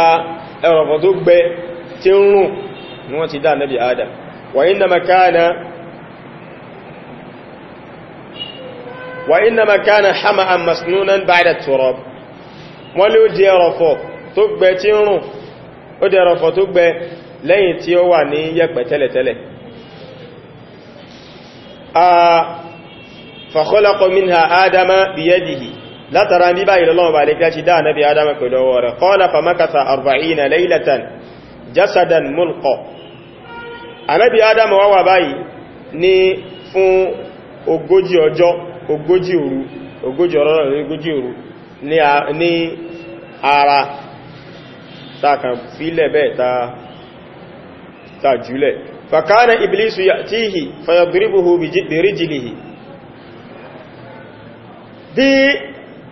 ẹrọ̀fọ̀ tó gbẹ tí ń rùn ní wọ́n ti dá nẹ́bí adam wà iná makána hama a masnunan ba'da turab wọ́n lè ó jẹ́ ẹrọ̀fọ̀ tó gbẹ tí ń rùn ó dẹ̀ ẹrọ̀fọ̀ tó gbẹ lẹ́yìn tí ó wà ní yẹ̀pẹ̀ tẹ́lẹ̀tẹ́lẹ̀ fa khalaqa minha ádámá biyadihi látara bí báyìí lọ́wọ́ bá lè kí dá náà bí ádámá pẹ̀lú ọwọ́ rẹ̀ qala fa makatha arba'ina laylatan jasadan mulqa anábi ara táàkàn fílẹ̀ bẹ́ẹ̀ ta jùlẹ̀ fàkánà iblisu ya tihi fayadribuhu birijilihi bí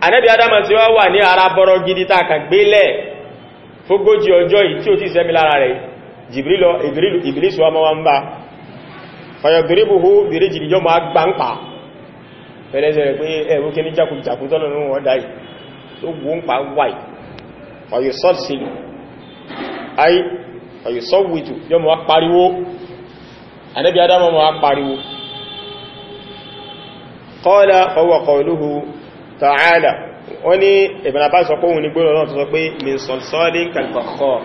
anẹ́bí adama tí wá wà ní ara bọ́rọ̀ gidi táàkàn gbélẹ̀ fógójì ọjọ́ tí ó ti sẹ́mi lára rẹ̀ jìbìrìlọ ìbìlísù ọmọ wọn bá fayadribuhu birijilihi yọ ma ay ayùsọ́wìtù yọ mọ̀ pariwo anẹ́bí adámọ́ mọ̀ pariwo qala huwa qawluhu ta'ala wọ́n ní Ibn Abbas sọ kóhun ní gbọ́nà náà tó sọ pé min salsalin kalfakhar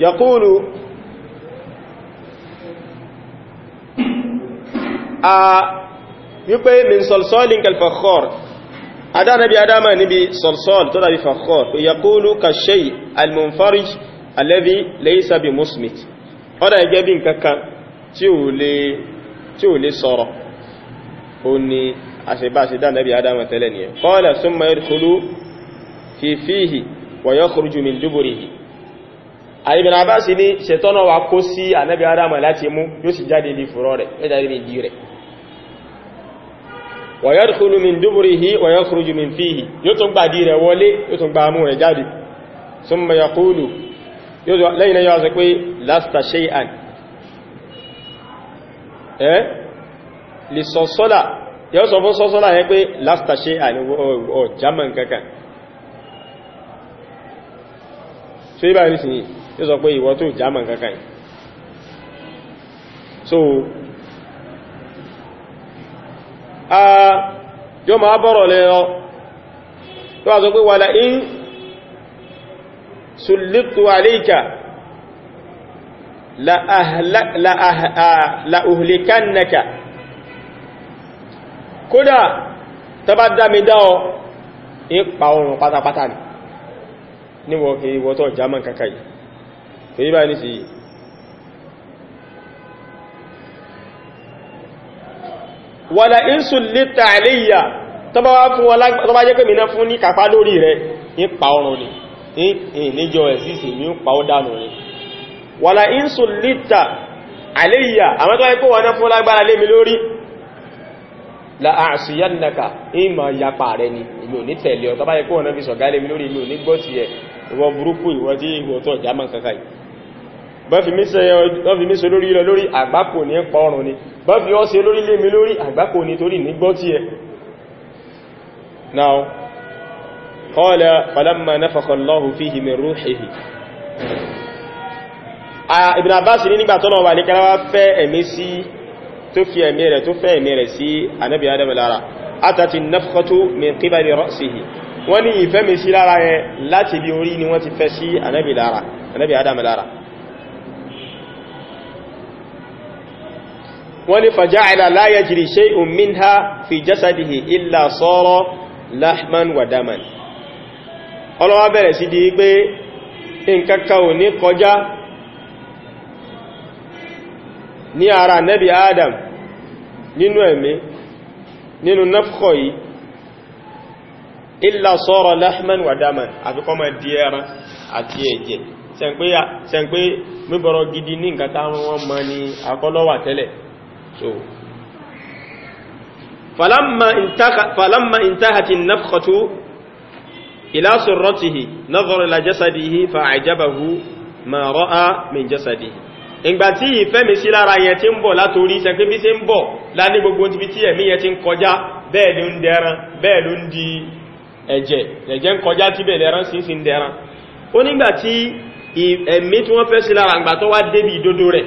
yaqulu a wípé adá nabi adama níbi sọ̀lsọ̀l tó dàbí fàkọ́r ìyàkóòlù kàṣẹ́yì almunfarij alẹ́bí lẹ́yìsàbí musmit ọ́dá ẹgẹ́ bí nkankan tí ò lè sọ̀rọ̀ ó ní àṣẹbáṣẹdá nabi adama tẹ́lẹ̀ ni qala summa yadkhulu fi fihi wa yakhruju min duburihi àìbìnà àbá sí ní ṣètọ́nà wa kó sí ànábì adama wàyádùkúlù min dúbùrìhì wàyákùrùjù min fíhì yóò tún gbà rẹ̀ wọlé yóò tún gbà rẹ̀ jáde sun maya kúlù lẹ́yìn yóò zai pé lasta shay'an eh lè sọ́sọ́lá yóò sọ fún sọ́sọ́lá yẹ pé lasta shay'an o jaman kankan so ibá rí yóò sọ pé ìwọ tó jaman kankan so yóò máa bọ́rọ̀ lẹ́rọ tó wà sọ pé wà láìí sùlítù àríkà láàhùlìkánnàkà kódà tó bá dámi dáọ ipa oòrùn pátápátá ni níwọ̀ ìwọ̀tọ̀ german kakai tó yí bá wàlà ìsù lítà àléyà tó bá jẹ́ pé mìíràn fún ní kàpá lórí rẹ̀ ní pa ọrùn ni níjọ ẹ̀sìsì ní pa ó dánù rẹ̀ wàlà ìsù lítà àléyà àmọ́ tó ẹkọ́ wọn fún lágbára lé mi lórí láàṣìyànnàkà ìmọ̀ yapa rẹ̀ ni èmi bá fi mí ṣe lórí ilẹ̀ lórí àgbákò ní pa ọrùn ni bá fi ọ́ ṣe lórí ilé mi lórí àgbákò ní torí nígbọ́ tí ẹ now qala falamma nafakha Allahu fihi min ruhihi Ibn Abbas ní nígbà tọ́nà wà ní kẹrẹwà fẹ́ ẹ̀mí sí tó fi ẹ̀mí rẹ̀ tó fẹ́ ẹ̀mí rẹ̀ sí anábi Adam lára atati nafkhatu min qibali ra'sihi wọ́n ní ìfẹ́mí sí láti bí orí ni wọ́n ti fẹ́ sí anábi Adam lára wọ́n ní fàjáàlá láyé jìrì ṣe òmìn ha fi jásàdìhì ìlà sọ́rọ̀ lahman wadaman ọlọ́wà bẹ̀rẹ̀ sí di pé nǹkankan ò ní kọjá ní ara nẹ́bí adam nínú ẹ̀mí nínú nafkọ̀ yìí ìlà sọ́rọ̀ lahman wadaman àfikọ́mọ̀ di ẹran àti ẹ̀jẹ̀ sẹ́n pé gidi ní nǹkan táwọn wọn mọ́ ni akọ́lọ́wà tẹ́lẹ̀ so falamma intahati nafkhatu ila surratihi nadhara ila jasadihi fa'ajabahu ma ra'a min jasadihi ìgbà tí ìfẹ́ mi sí lára yẹn tí ń bọ̀ látorí ṣe pé bí ṣe ń bọ̀ láni gbogbo ti bí tí ẹ̀mí yẹn ti ń kọjá bẹ́ẹ̀ ló ń dẹran bẹ́ẹ̀ ló ń di ẹ̀jẹ̀ ẹ̀jẹ̀ ń kọjá tí bẹ́ẹ̀ lẹ́ran sí sí ń dẹran ó nígbà tí ẹ̀mí tí wọ́n fẹ́ sí lára àgbà tó wá débi ìdodo rẹ̀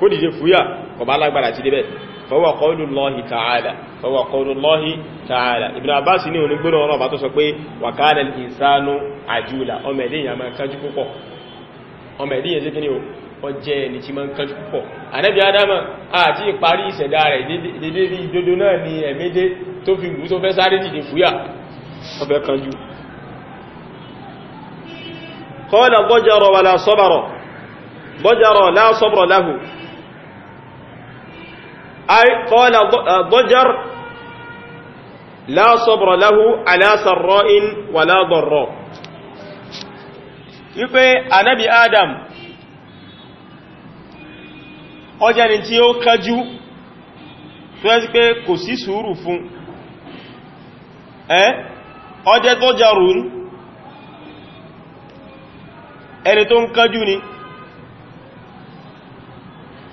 kó dìde fúyà kò bá lágbára ti débẹ̀ fọwọ́ qaulullahi ta'ala fọwọ́ qaulullahi ta'ala Ibn Abbas ní onígbónà ọ̀rọ̀ bá tó sọ pé wa kana al-insanu ajula ọmọ ẹ̀dẹ́ yà máa kánjú púpọ̀ ọmọ ẹ̀dẹ́ yà sí kíní o ọ jẹ́ ẹni tí máa kánjú púpọ̀ Ànábì Ádámà àti ìparí ìṣẹ̀dá rẹ̀ dédé rí dodo náà ni أي قال ضجر لا صبر له على سراء ولا ضراء يبقى anábi adam ọjà ni tí ó kájú tó ẹ́ sí pé kò sí sùúrù fún ẹ́ ọjẹ́ tó jarù ní ẹni tó ń kájú ni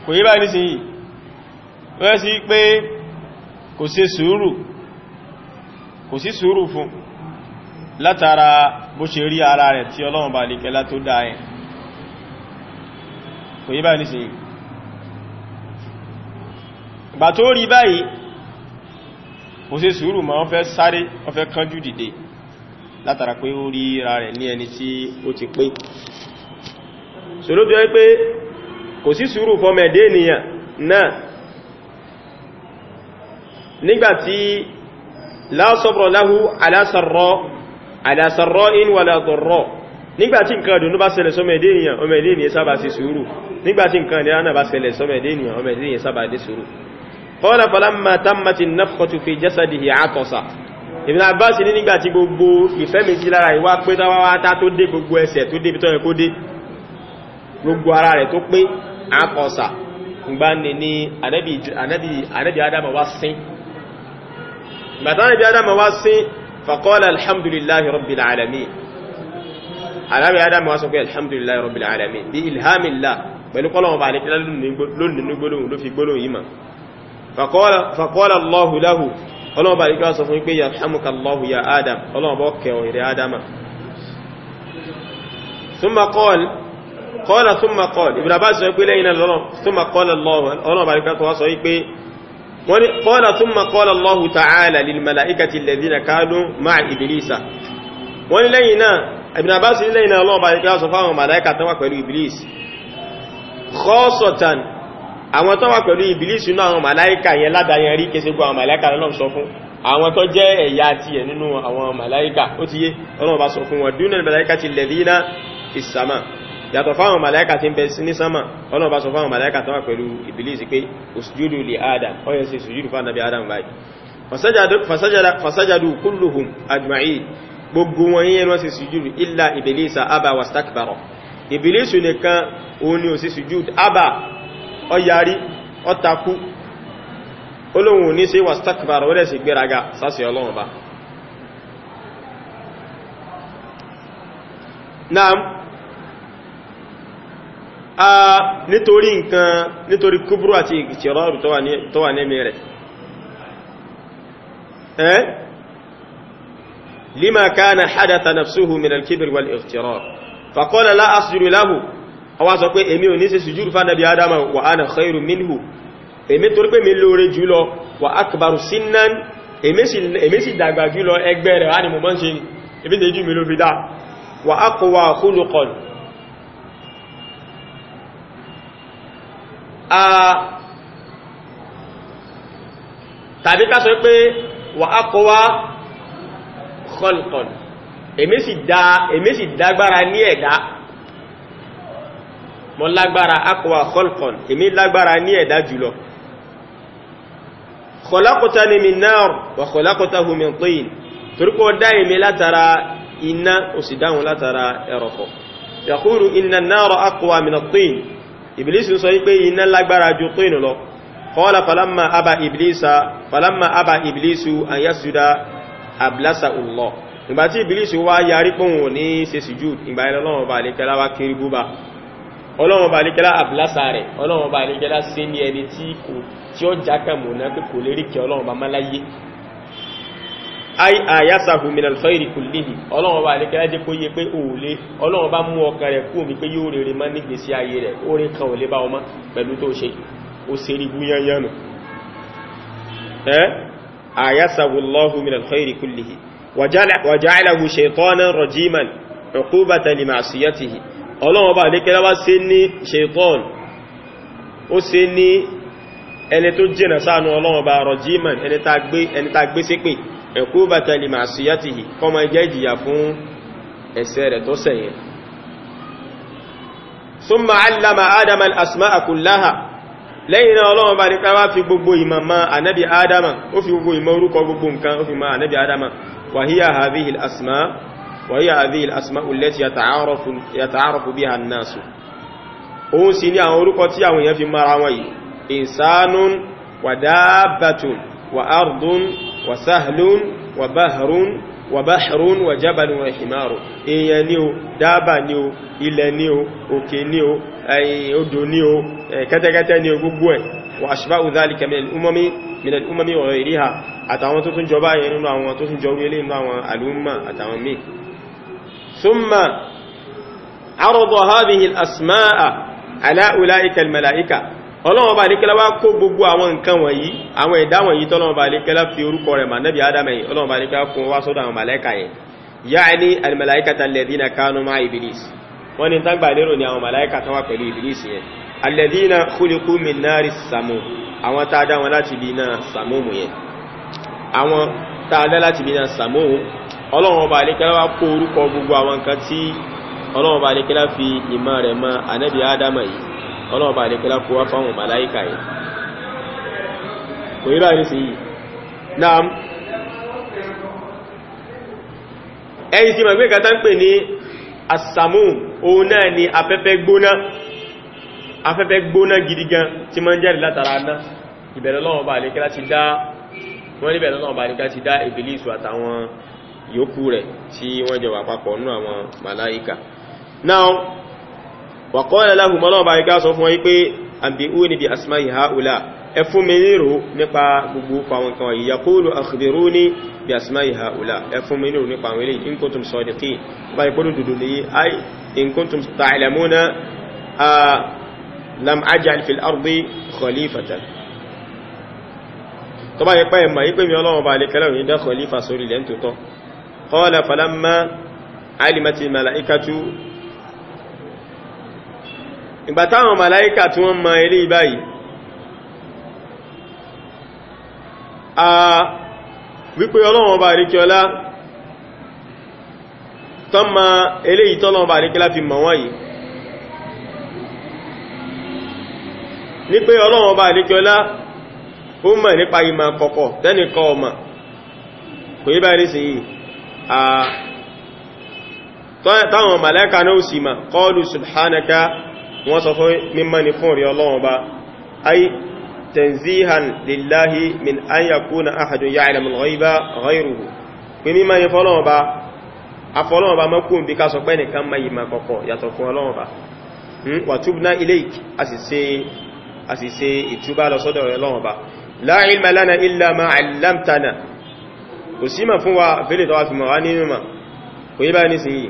kò yí bá sí yìí lọ́yẹ́ sí pé kò ṣe sùúrù kò sí sùúrù fún látara bó ṣe rí ara rẹ̀ tí ọlọ́run bá líkẹ́ látó dáyẹn kò yí báyìí nísìnyí ìgbà tó rí báyìí kò ṣe sùúrù ma wọ́n fẹ́ sáré wọ́n fẹ́ kánjú dìde látara pé ó rí ra rẹ̀ ní ẹni tí ó ti pé ṣòlótọ́ pé kò sí sùúrù fọ́mẹ̀dé ènìyàn náà nígbàtí lásọ̀rọ̀ láhú alásàrọ̀ alásàrọ̀ in wà látọ̀rọ̀ nígbàtí nǹkan dùn bá ṣẹlẹ̀ sọmọ èdè ènìyàn ọmọ èdè ènìyàn sábà sí sùúrù nígbàtí nǹkan ìdí ránà bá ṣẹlẹ̀ sọmọ èdè ènìyàn ọmọ èdè ènìyàn sábà dé sùúrù qala falamma tammati an ní nígbàtí gbogbo ìfẹ́mi lára ìwá pé táwáwátá tó dé gbogbo ẹsẹ̀ tó dé bí tọ́yẹ kó dé gbogbo ara rẹ̀ tó pé àkọsà ìgbà ní ní Ànábì Ádámù wá sín gbàtánà bí adama wá sí faqala alhamdulillahi rabbil alamin alábi adama wá sọ pé alhamdulillahi rabbil alamin bí ilhamillah pẹ̀lú kọlọ̀wọ̀n bá alẹ́kẹ́lá lónìí gbólóhùn ló fi gbólóhùn yìí ma faqala allahu lahu ọlọ́wọ̀n bá alẹ́kẹ́lá sọ fún wọ́n kọ́lá thumma qala Allahu ta'ala lil mala'ikati alladhina kanu ma'a Iblisa wọ́n lẹ́yìn náà Ibn Abbas lẹ́yìn náà lọ́wọ́ bá ikẹ́ sọ fáwọn màláíkà tán wà pẹ̀lú Iblis kọ́sọ̀tàn àwọn tán wà pẹ̀lú Iblis náà àwọn màláíkà yàtọ̀ fáwọn màláíkà tí ń bẹ sí ní sánmà ọlọ́ọ̀bá sọ fáwọn màláíkà tó wà pẹ̀lú Ìbílísì pé òsùjúdù lè adam ọyẹ́ sí sùjúdù fáwọn nàbí adam báyìí fasajadu kulluhum ajma'i gbogbo wọn yẹn wọ́n sí sùjúdù illa Ìbílísà aba wastakbara Ìbílísù nìkan òun ni ò sí sùjúdù aba ọyarí ọtakú olóhun ò ní sí wastakbara ó dẹ̀ sì gbéraga sásì ọlọ́run ba naam a nítorí nǹkan nítorí kúbúrú àti ìtìrọrù tó wà ní mẹ́rẹ̀ ẹ́ lima kana hadatha nafsuhu min al-kibr wal iftirar fa qala la asjudu lahu àwa sọ pé èmi ò ní ṣe sùjúrù fa adama wa ana khairu minhu èmi torí pé mi lóore jùlọ wa akbaru sinnan èmi sì dàgbà jùlọ ẹgbẹ́ rẹ̀ wá ní mọ́ ṣe ibi tẹ́jú mi ló fi dá wa aqwa khuluqan tàbí ká sọ pé wà á kọ́ wá kọlùkọl èmé sì dágbára ní ẹ̀dá mọ́ lágbára akọwà kọlùkọl èmé lágbára ní ẹ̀dá jùlọ kọlákọta ni min náà wà kọlákọta hu min tin dá èmé látara iná òsìdáhùn látara ẹ̀rọ̀fọ̀ ìbìlísì sọ wípé iná lágbára ju tó ìnù lọ kọ́ọ́lá falamma aba ìbìlísà falamma aba ìbìlísù àyásùdá àbìlásà ùlọ ìgbà tí ìbìlísì wá yarí pòhùn ní ṣe sùjú ìgbà ilẹ̀ ọlọ́run ọba àlékẹ́lá wá kiri búba ọlọ́run ọba àlékẹ́lá àbìlásà ay ayasahu min alkhairi kullihi ọlọ́run bá lékẹ́ ajé kó yé pé òòlé ọlọ́run bá mú ọkàn rẹ̀ kú omi pé yóò rere má nígbèsí ayé rẹ̀ orí kan òlé bá ọmọ pẹ̀lú tó ṣe ó ṣe rí gúnyányánu ayasahu allahu min alkhairi kullihi wàjáìlahu ṣètọ́nà rajiman ọkúbàtà lè máa síyàtìhì ọlọ́run bá lékẹ́ lábá ṣe ní ṣètọ́n ó ṣe ní ẹni tó jìnà sáànù ọlọ́run bá rajiman ẹni tá gbé ṣépè ẹ̀kúbàtà lè máa sí yàtì kọ́ ma jẹ́ ìjìyà fún ẹ̀ṣẹ̀ rẹ̀ tó ṣẹ̀ yẹn súnmà allama adam al'asma akullaha lẹ́yìn náà ọlọ́wọ́n bá ní káwà fi gbogbo ìmọ̀má anábi adama ó fi gbogbo ìmọ̀ orúkọ gbogbo nǹkan ó fi ma anábi adama wàhíyà àbíhìl asma wàhíyà òun sì ní àwọn orúkọ tí àwọn èèyàn fi mara wọ́n yìí insanun wàdábàtún وأرض وسهل وبهر وبحر وجبل وحمار إيا نيو دابا نيو أي أدونيو نيو كتا كتا نيو بوبوين وأشباء ذلك من الأمم من الأمم وغيرها أتعوان تتن جبا ينونا وعوان تتن جويلي وعوان الأمة أتعوان مي ثم عرض هذه الأسماء على أولئك الملائكة ọlọ́wọ́n bá lékẹ́lá wá kó gbogbo àwọn nǹkan wọ̀nyí àwọn ẹ̀dá wọ̀nyí tọ́lọ́wọ́n bá lékẹ́lá fi orúkọ rẹ̀ mànẹ́bí ádámẹ̀yìn ọlọ́wọ́n bá lékẹ́lá kún wá sọ́dọ̀ àwọn màláìkà yẹn yaani almalaikata alladhina kanu ma iblis wọ́n ní fi ìmọ̀ rẹ̀ mọ́ ànẹ́bí ádámẹ̀yìn ọlọ́run bá àdékọ́lá kó wá fáwọn màláìkà yìí kò yí bá ní sí yìí náà ẹ̀yìn tí màgbé kàtà ń pè ní àsàmù òun náà ni afẹ́fẹ́ gbóná afẹ́fẹ́ gbóná gidigan tí ma ń jáde látara ná ìbẹ̀rẹ̀ lọ́wọ́ bá àdékọ́lá ti dá wọ́n níbẹ̀rẹ̀ lọ́wọ́ bá àdékọ́lá ti dá ìbílísù àtàwọn yòókù rẹ̀ tí wàkọ́ọ̀lẹ̀ láhùn mọ́lọ́ọ̀bá igá sọ fún wọ́n pé àbíúni bí asmá ìhá ula ẹ fún mi nírò nípa gbogbo fàwọn kan wáyé yakúlù àkùdìrúni bí asmá ìhá ula ẹ fún mi nírò nípa àwọn ilé inkuntum sọ̀dìkì bá ipò dúdú ní ai inkuntum tàìlẹ̀múnà a lam ajal fil ardi ìgbà táwọn màláíkà tí wọ́n mọ ilé ìbáyìí a wípé ọlọ́wọ́n bá rí kíọlá tán ma ilé ìtọ́lọ́wọ́n bá rí kíọlá fi mọ̀ wọ́n yìí ní pé ọlọ́wọ́n bá rí kíọlá ó mọ̀ nípa ìmọ̀ kọ̀kọ̀ tẹ́nìkọ́ ọmọ kò yí bá rí sí yìí táwọn màláíkà náà sì mọ̀ kọlu subhanaka wọ́n sọ fún mímọ́ ni fún rí ọlọ́wọ́n bá ay tanzihan lillahi min an yakuna ahadun ya'lamu al-ghayba ghayruhu pé mímọ́ ni fọ́lọ́wọ́n bá afọ́lọ́wọ́n bá mọ́kún bí ká sọ pé nìkan ma yìí ma kọ̀kọ̀ yàtọ̀ fún ọlọ́wọ́n bá hmm, wa tubna ilayk a sì ṣe ìtúbá lọ sọ́dọ̀ rẹ̀ lọ́wọ́n kò yí bá ní sí yìí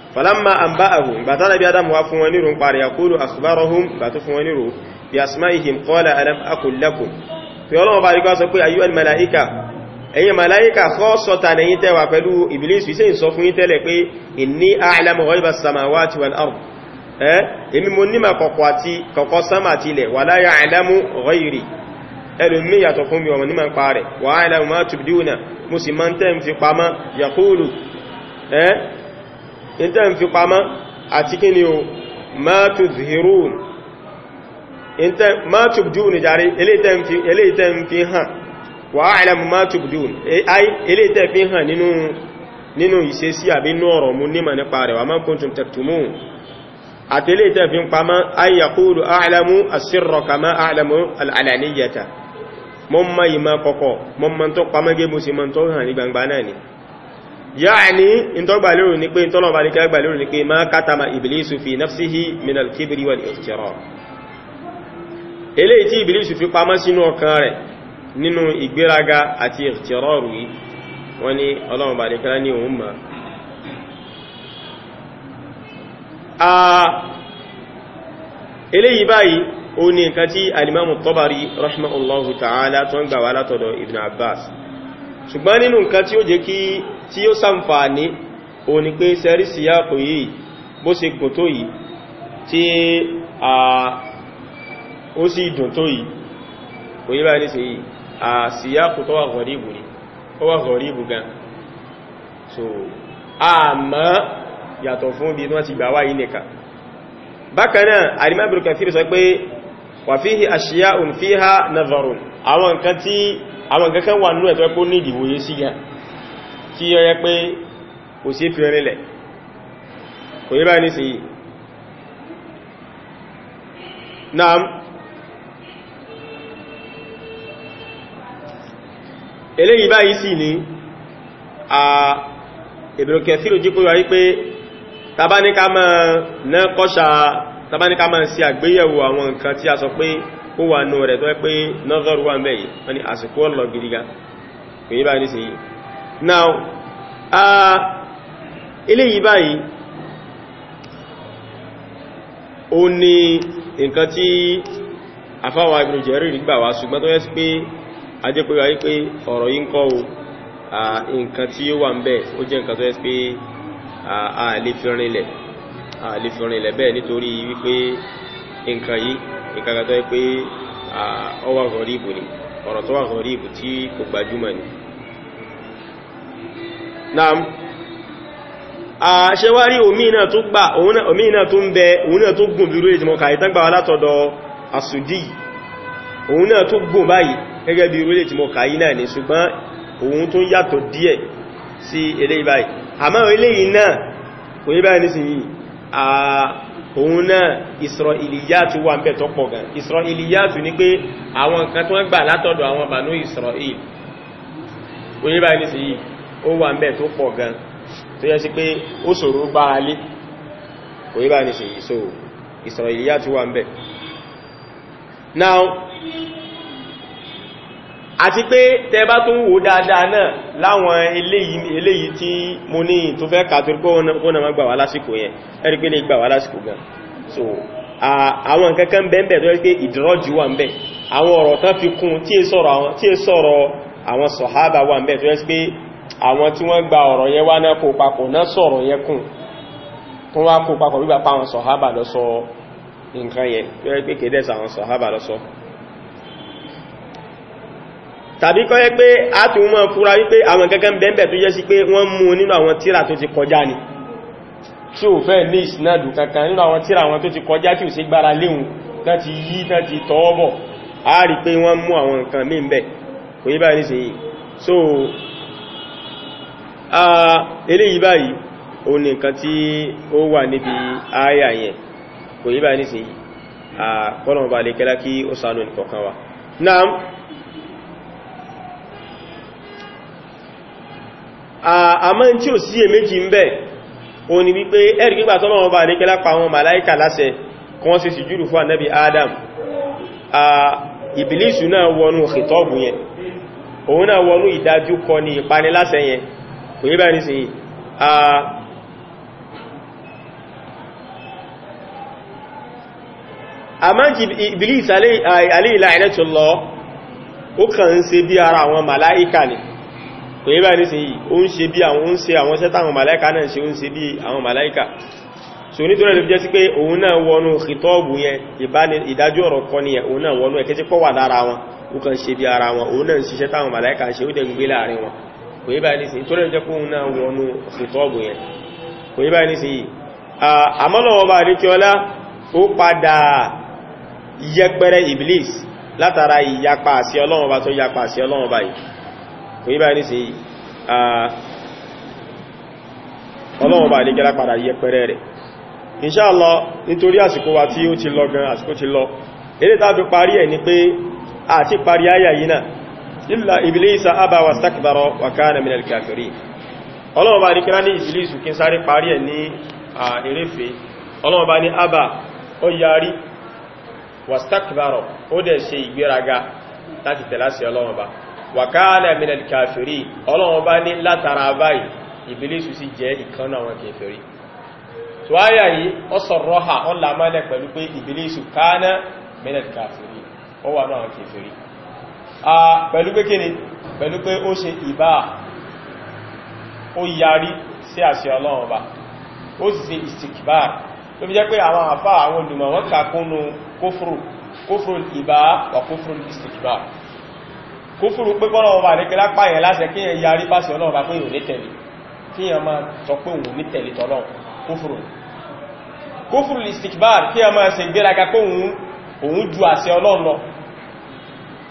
falamma anba'ahu ìbátá nàbí adam wá fún wọn nírò ń parí yaqulu akhbarahum ìbátó fún wọn nírò bí asma'ihim qala alam aqul lakum fi ọlọ́wọ́ bá rí kọ́ sọ pé ayú alìmàláíkà ẹ̀yin màláíkà kọ́ sọta nẹ̀yìn tẹ́wà pẹ̀lú ìbìlìsù iṣẹ́ ìsọ fún yí tẹ́lẹ̀ pé inni a'lamu ghaiba samawati wal ard ẹ́ èmi mo nímà kọ̀kọ́ sámà tilẹ̀ wala ya'lamu ghairi ẹlùmí yàtọ̀ fún mi ọmọ nímà pa rẹ̀ wa a'lamu ma tubduna mo sì fi pamọ́ yaqulu ẹ́ ìtẹ́ ń fi pamọ́ àti kí ni o mátù zihirun mátù bdún jari eléìtẹ́ ń fi hàn wà áìlẹ̀mù mátù bdún e, eléìtẹ́ fi hàn nínú nínú ìṣesí àbí inú ọ̀rọ̀ mú nímọ̀ nípa rẹ̀ wà mọ́kún tún tẹ̀tùmù àti eléìtẹ́ fi pamọ́ ayyakúrù áìlẹ̀mù asírọ̀ kama áìlẹ̀mù al'alaniyyata mọ́ mọ́ ìmọ̀ kọ̀kọ̀ mọ́ yáàni ìtọ́gbàlérò ní pé ìtọ́lọ̀bà ní kẹ́ gbàlérò ní pé ma kátàmà ìbìlísù fi náfsíhì minal kibri wal ikhtirar eléyìí tí ìbìlísù fi pamọ́ sínú ọkàn rẹ̀ nínú ìgbéraga àti ikhtirar rí wọ́n ni ọlọ́ọ̀bà ní kẹ́ ní òun ma eléyìí báyìí ó ní nǹkan tí alimamu Tabari rahimahullahu ta'ala tó ń ṣùgbọ́n nínú nǹkan tí ó jẹ́ kí tí ó sàǹfààní o ni pé sẹ́rí síyàkù yìí bó ṣe gùn tó yìí tí a ó sì dùn tó yìí kò yí bá ní sí a síyàkù tó wà gọ̀ríbù ni ó wà gọ̀ríbù gan so a mọ́ yàtọ̀ fún bí wọ́n ti gbà wá yìí nìkan bákanáà àrímábìrì kan fírí sọ pé wàfíhì àṣíyà òun fíhà nazarun àwọn nǹkan kan wà nínú ẹ̀tọ́ pé ó ní ìdìwòye sí gan tí ó yẹ pé kò sí fi rinlẹ̀ kò yí báyìí nísìnyí náà eléyìí báyìí sì ní a ìbìrùkẹ̀ sí òjí kó yọ wípé tàbáníká mọ́ náà kọ́ṣà tàbáníká mọ́ sí àgbéyẹ̀wò àwọn nǹkan tí a sọ pé ó wà nù rẹ̀ tó ẹ pé nọ́zọ́rù wà mẹ́yìí wọ́n ni àsìkò ọlọ̀ gidi ga kò yí báyìí nísìnyí now eléyìí báyìí ó ní nǹkan tí afáwà Ibn Jarir gbà wá ṣùgbọ́n tó yẹ́ sí pé ajẹ́pẹ́ wáyé pé ọ̀rọ̀ yí ń kọ́ o nǹkan tí ó wà ń bẹ ó jẹ́ nǹkan tó yẹ́ sí pé a lè fi rinlẹ̀ a lè fi rinlẹ̀ bẹ́ẹ̀ nítorí wípé nǹkan yìí nǹkan kan tó yẹ́ pé ọwà gọ̀rí ìbò ni ọ̀rọ̀ tó wà ìbò tí kò gbajúmọ̀ ni naam ṣe wá rí òmìnà tó gbà òmìnà tó ń bẹ òmìnà tó gùn dúró ìjìmọ̀ kàí tán gbà wá látọ̀dọ̀ àsùdí òun náà tó gùn báyìí gẹ́gẹ́ bí orílẹ̀ tí mọ̀ kàí náà ní ṣùgbọ́n òun tó yàtọ̀ díẹ̀ sí eléyìí báyìí àmọ́ eléyìí náà kò yí báyìí nísìnyí òun náà Israiliyatu ó wà ń bẹ̀ tó pọ̀ gan tó yẹ sí pé ó ṣòro gbára lé kò yí bá ní ṣe yìí so Isra'iliya tí wà ń bẹ̀ now àti pé tẹ bá tún wò dáadáa náà láwọn eléyìí tí mo ní tó fẹ́ kàtòrí kó wọ́n náà àwọn ọ̀rọ̀ tán fi kún tí è sọ̀rọ̀ àwọn sọ̀hábà wà ń bẹ̀ tó yẹ pé àwọn tí wọ́n gba ọ̀rọ̀ yẹn wá náà kó papọ̀ náà sọ̀rọ̀ yẹn kùn tó wá kó papọ̀ wípé apá àwọn sọ̀hábà lọ sọ nǹkan yẹn tó yẹ pé kéde àwọn sọ̀hábà lọ sọ tàbí kọ́ yẹ pé a tún mọ́ fúra wípé àwọn gẹ́gẹ́ bẹ́ẹ̀bẹ̀ tó yẹ sí pé wọ́n mú nínú àwọn tíra tó ti kọjá ni tí ò fẹ́ ní ìsinádù kankan nínú àwọn tíra wọn tó ti kọjá tí ò sí gbára léhun tán ti yí tán ti tọ́ọ́bọ̀ a rí pé wọ́n mú àwọn nǹkan mí bẹ́ẹ̀ kò yí báyìí nísìnyí so eléyìí báyìí o ní nǹkan tí ó wà níbi ayà yẹn kò yí báyìí nìsìn yìí kọ́nà bá lè kẹ́lá kí ó sàánù nìkọ̀kan wa náà àmọ́ tí ò sí èméjì ń bẹ o ní wípé ẹ̀rì gbígbà tọ́nà ọba lè kẹ́lá pa àwọn màláíkà láṣẹ kan kò yí bá ní sí a a máa jí Iblis alayhi la'inatullah ó kàn ń ṣe bí ara àwọn màláíkà ni kò yí bá ní sí ó ń ṣe bí àwọn ń ṣe àwọn sẹ́ta àwọn màláíkà náà ṣe ó ń ṣe bí àwọn màláíkà so nítorí lè fi jẹ́ sí pé òun náà wọnú ìtọ́ọ̀bù yẹn ìdájọ́ ọ̀rọ̀ kọ́ ni òun náà wọnú ẹ̀kẹ́ tí pọ́ wà wọn ó ṣe bí ara wọn òun náà ń ṣiṣẹ́ táwọn màláíkà ṣe ó dẹ̀ gbé láàrin wọn kò yí báyìí nísìnyí tó lẹ́jẹ́ kóhun náà wọnú fìtọ́ọ̀bù yẹn kò yí báyìí nísìnyí àmọ́lọ́wọ́ bá rí kí ọlá ó padà yẹpẹrẹ iblis látara ìyapa àṣẹ Ọlọ́run bá tó yapa àṣẹ Ọlọ́run báyìí kò yí báyìí nísìnyí Ọlọ́run bá rí kẹ́lá padà yẹpẹrẹ rẹ̀ inṣáàlọ́ ni pé àti parí áyà yìí illa iblisa aba wastakbara wa kana min al-kafirin Ọlọ́run bá ní kíra ní ìbìlísù kí n sáré parí ẹ̀ ní àìrífẹ́ Ọlọ́run bá ní àbà ó yarí wastakbara ó dẹ̀ ṣe ìgbéraga láti tẹ̀láṣẹ Ọlọ́run bá wa kana min al-kafirin bá ní látara báyìí ìbìlísù sì jẹ́ ìkan pẹ̀lú pé kíni pẹ̀lú pé ó ṣe ìbá ó yarí sí àṣẹ ọlọ́run ọba ó sì ṣe ìsìkìbá tó fi jẹ́ pé àwọn àfá àwọn olùmọ̀ wọ́n kàkúnnú kófúrù kófúrù ìbá wà kófúrù ìsìkìbá kófúrú pé bọ́lọ̀ ọba ní kílá pààyàn láṣẹ kí yẹn yarí pàṣẹ ọlọ́run bá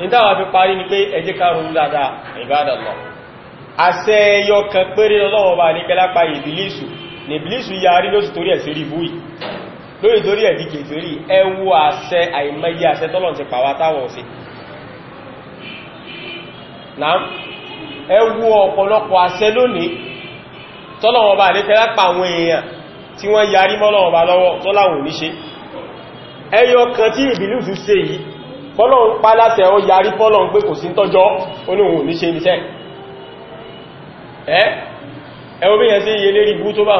ìdáwà fi parí ní pé ẹjẹ́ karùn-ún dáadáa ìbádàlọ́ àṣẹ ẹyọ kan péré ọlọ́wọ́ bá ní pẹ́lápá ìbìlísù ní ìbìlísù yarí ló sì torí ẹ̀sẹ̀ rí búì lórí torí ẹ̀dí kèfèrí ẹwú àṣẹ àìmẹ́yẹ àṣẹ tọ́lọ̀n ti pàwà táwọn sí ẹwú ọ̀pọ̀lọpọ̀ àṣẹ lónìí tọ́lọ̀wọ́ bá ní pẹ́lápá àwọn èèyàn tí wọ́n yarí mọ́lọ́wọ́ bá lọ́wọ́ bọ́lọ̀un pa láṣẹ ọ yarí bọ́lọ̀un pé kò sí tọ́jọ́ oníhun ní ṣe níṣẹ́ ẹ́ ẹwọ́ bí yẹn sí iye lérí bú tó bá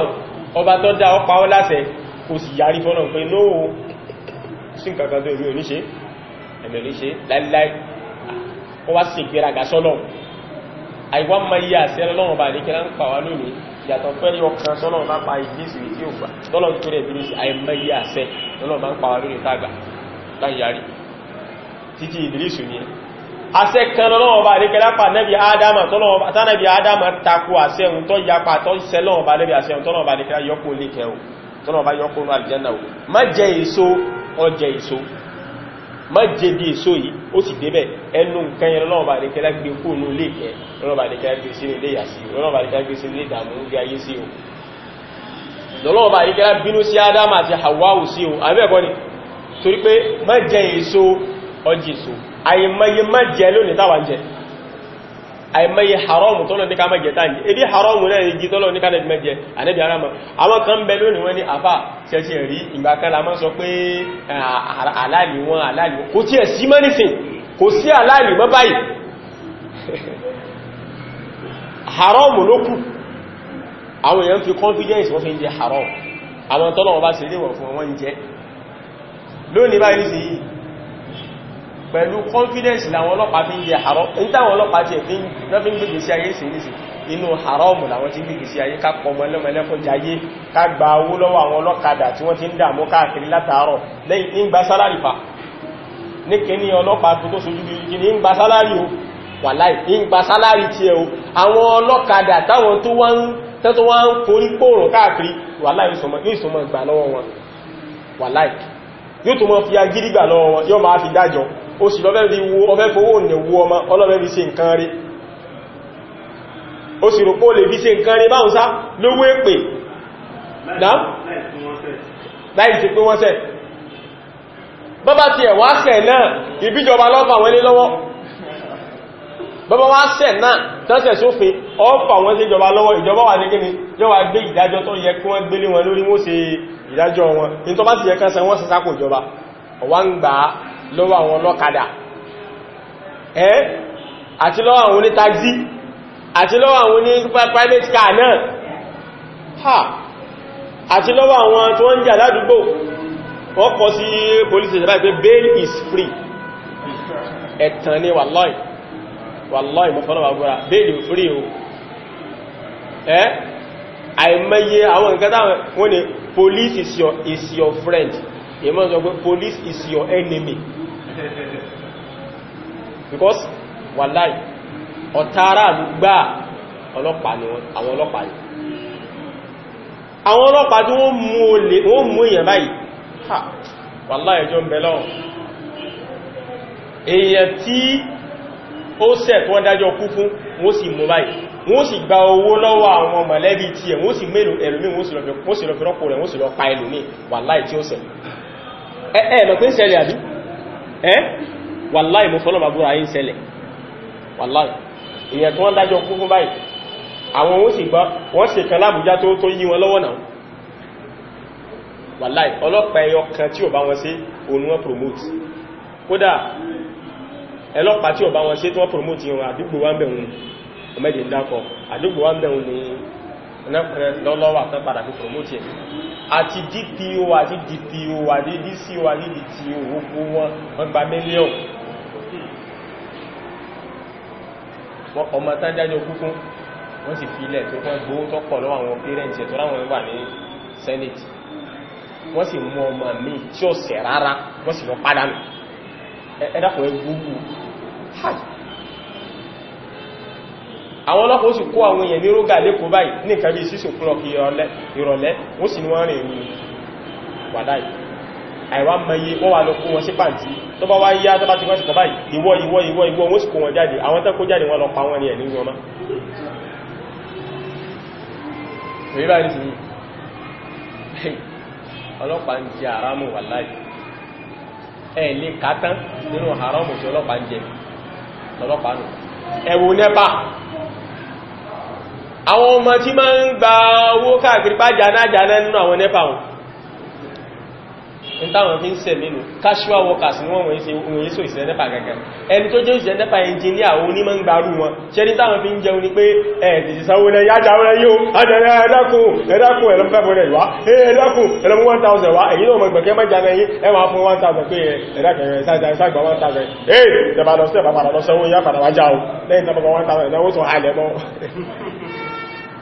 ọba tó dá ọpa ọ láṣẹ kò sì yarí bọ́lọ̀un pé nóò sí nǹkankan tó èmi ò ní ṣe èmi ò ní ṣe láíláí ó wá sì gbéraga sọ́lọ̀ àìwá ma yí àṣẹ lọ́wọ́ bá ní kíra ń pa wá lónìí ìyàtọ̀ fẹ́ ní ọkàn sọ́lọ̀ bá pa ìgbésì tí ó gbà tọ́lọ̀ tó rẹ̀ bí ní àìmọ́ yí àṣẹ lọ́wọ́ bá ń pa wá títí ìbìlísù ní ẹ̀ àṣẹ kan lọ́wọ́ bá àríkẹ́ lápá nẹ́bí ádámà tánàbí ádámà takò àṣẹ ohun tó yapa tó iṣẹ́ lọ́wọ́ bá lẹ́bí àṣẹ ohun tọ́nà bá àríkẹ́ yọ́kó lè kẹ́ o tọ́nà bá yọ́kó ní àlùjánnà o má jẹ èso ọjẹ èso má jẹ bí èso yìí ó sì débẹ̀ ẹnu nǹkan yẹn lọ́wọ́ bá àríkẹ́ lágbé kó nú lè kẹ́ lọ́wọ́ bá àríkẹ́ lágbé sí ilé yà sí lọ́wọ́ bá àríkẹ́ lágbé sí ilé ìdààmú bí ayé sí o lọ́wọ́ bá àríkẹ́ lá bínú sí ádámà àti hàwáwù sí o àbẹ́ẹ̀kọ́ ni torí pé má jẹ èso ọjì so àìmọye má jẹ lónìí táwà jẹ àìmọye haramu tọ́lọ ní ká má jẹ táàjì ebi haramu náà igi tọ́lọ ní ká nẹ́bí jẹ ànẹ́bí ara kan bẹ lónìí wọ́n ni àfà tẹ́tí rí ìgbà kan la máa sọ pé wọn àwọn èèyàn fi confidence fi ń jẹ àwọn fún lónìí báyìí sí yìí pẹ̀lú confidence làwọn ọlọ́pàá fi ń jẹ àrọ́ ìtàwọn ọlọ́pàá jẹ fi ń gbègbè sí ayé sí nìsí inú haramu làwọn ti gbègbè sí ayé ká pọmọ ẹlẹ́mọ̀ẹ́lẹ́kọ́ jayé ká gba owó lọ́wọ́ àwọn ọlọ́kadà tí wọ́n ti ń dààmú káàkiri látàárọ̀ lẹ́yìn gba sálárì fa ní kíní ọlọ́pàá tó tó sojú bí kíní ń gba sálárì o wà láì ń gba sálárì tí ẹ o àwọn ọlọ́kadà táwọn tó wá ń tẹ́tọ́ wá ń yóò tó mọ́ fi agídígbà lọ́wọ́ yóò máa fi dájọ́ ó sì lọ́fẹ́ fi wo ọfẹ́ fowó ní wo ọmọ ọlọ́fẹ́ fi ṣe nǹkan rí ó sì rò pó lè fi ṣe nǹkan rí báhùn sá lówó èpè láì sí pé wọ́n ṣẹ̀ bàbá ti ẹ̀wà ṣẹ̀ náà ìbíjọba lọ́fà wọn lé lọ́wọ́ bàbá wá ṣẹ̀ náà tọ́sẹ̀ sófin ọ́fà wọn sí ìdájọ́ wọn lórí wọ́n ṣe sẹ wọ́n sẹ sákò ìjọba ọ̀wá ń gbàá lọ́wọ́ àwọn ọlọ́kadà ẹ́ àti lọ́wọ́ àwọn oní taxi àti lọ́wọ́ àwọn oní private car náà ha àti lọ́wọ́ àwọn tí wọ́n ń jà ládùúgbò wọ́n kọ sí police station báyìí pé bail is free ẹ̀tàn ni wàlọ́ì wàlọ́ì mọ́fọ́lọ́wà gbọ́ra bail is free o ẹ́ àìmẹ́yẹ àwọn nǹkan táwọn wọ́n ni police is your, is your friend ìmọ́ sọ police is your enemy because wàláì ọ̀tara ló gbà ọlọ́pàá ni àwọn ọlọ́pàá ni àwọn ọlọ́pàá tí wọ́n mú èèyàn báyìí ha wàláì ẹjọ́ ń bẹ lọ́wọ́ èèyàn tí ó sẹ̀ tó wọ́n dájọ́ kú fún wọ́n sì mú báyìí wọ́n sì gba owó lọ́wọ́ àwọn mọ̀lẹ́bí tí ẹ̀ wọ́n sì mẹ́lò ẹ̀lùmí wọ́n sì lọ fi rọ́pò rẹ̀ wọ́n sì lọ pa ẹlòmí wàláì tí ó sẹ̀ ẹ̀ẹ̀mọ̀ pín sẹ́lẹ̀ àbí ẹ́ eh? wàláì mo fọ́lọ́ màbúrò ayé ń ṣẹlẹ̀ wàláì èèyàn tó wọ́n dájọ́ kú fún báyìí àwọn òun sì gbọ́ wọ́n sì kan lábújá tó tó yí wọn lọ́wọ́ náà wàláì ọlọ́pàá kan tí ò bá wọn ṣe òun wọn promote kódà ẹlọ́pàá tí ò bá wọn ṣe tí wọ́n promote wọn àdúgbò wa ń ọmọdé àdúgbò lọ́lọ́wà tán padà fi promote ẹ̀ àti dpo àti dpo àti dco àti dto gbogbo wọn wọ́n gba mílíọ̀n wọ́n ọmọ tán dájọ́ kúkún wọ́n sì filẹ̀ tó kọ́ gbówó tó pọ̀ lọ́wọ́ àwọn parents ẹ̀ tó ráwọn wà ní senate wọ́n sì mú ọmọ mi tí ó ṣẹ̀ rárá wọ́n sì lọ pádánù ẹ̀dàkùn ẹgbùgbù àwọn ọlọ́pàá ó sì kó àwọn èèyàn ní rógà lẹ́kọ́ báyìí ní nǹkan bí 6 o'clock ìrọ̀lẹ́ ó sì ní wọ́n rìn ìrìn wàdáì àìwá mẹ́yẹ wọ́n wà lọ kó wọn sí pàǹtí tó bá wá yá tó bá ti kọ́sì kọ̀báyìí ìwọ ìwọ ìwọ ìwọ wọ́n sì kó wọn jáde àwọn tó kó jáde wọn lọ pa wọn ní ẹ̀ nínú ọmọ èyí bá ní sí ọlọ́pàá ń jẹ àrámù wà láì ẹ̀ lè kátán nínú àrámù tí ọlọ́pàá ń jẹ ọlọ́pàá nù ẹ̀wò nẹ́pà àwọn ọmọ tí máa ń gba owó káàkiri pá jánájáná nínú àwọn nẹ́pà wọn ní táwọn fi ń sẹ̀ nínú casual workers ní wọ́n wọ́n yíso ìṣẹ́ nẹ́pà gẹ́gẹ́ ẹni tó jẹ́ ìṣẹ́ nẹ́pà engineer òun ní máa ń gbarú wọn ṣe ní táwọn fi ń jẹun ní pé ẹ̀ẹ̀dìdì sáwó lẹ yájá rẹ yóò adẹ̀rẹ̀ ẹ̀dẹ́kùn ẹ̀dẹ́kùn ẹ̀lọ́mọ́fẹ́ mọ́rẹ̀ ìwá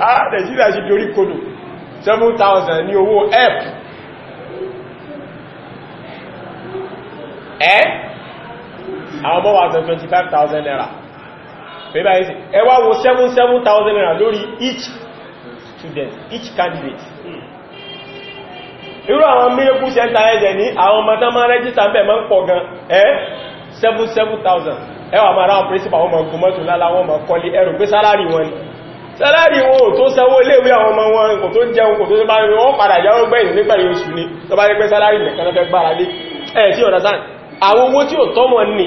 ah Nàìjíríà ṣe dorí kodò 7,000 ní owó ep ẹ́ àwọn ọmọ wà tán 25,000 naira pẹ̀lú àìsí ẹwà wo 7,000 naira lórí each student each candidate irú àwọn miracle center ẹ̀jẹ̀ ní àwọn ọmọ tán máa rẹ́jísà ń bẹ̀ máa ń pọ̀ gan ẹ́ 7,000 ẹwà mara principal wọn mọ̀ gọmọ́tò lálá wọn mọ̀ kọlí ẹrù pé sálárì wọn ni sálárì wọn ò tó sanwó iléèwé àwọn ọmọ wọn kò tó jẹun kò tó tó bá rí wọn padà yáwó gbẹ̀yìn nígbà yóò sù ní tó bá rí pé sálárì nìkan lọ́fẹ́ gbára lé ẹ̀ tí ọ̀nà sáà àwọn owó tí ò tọ́mọ̀ ní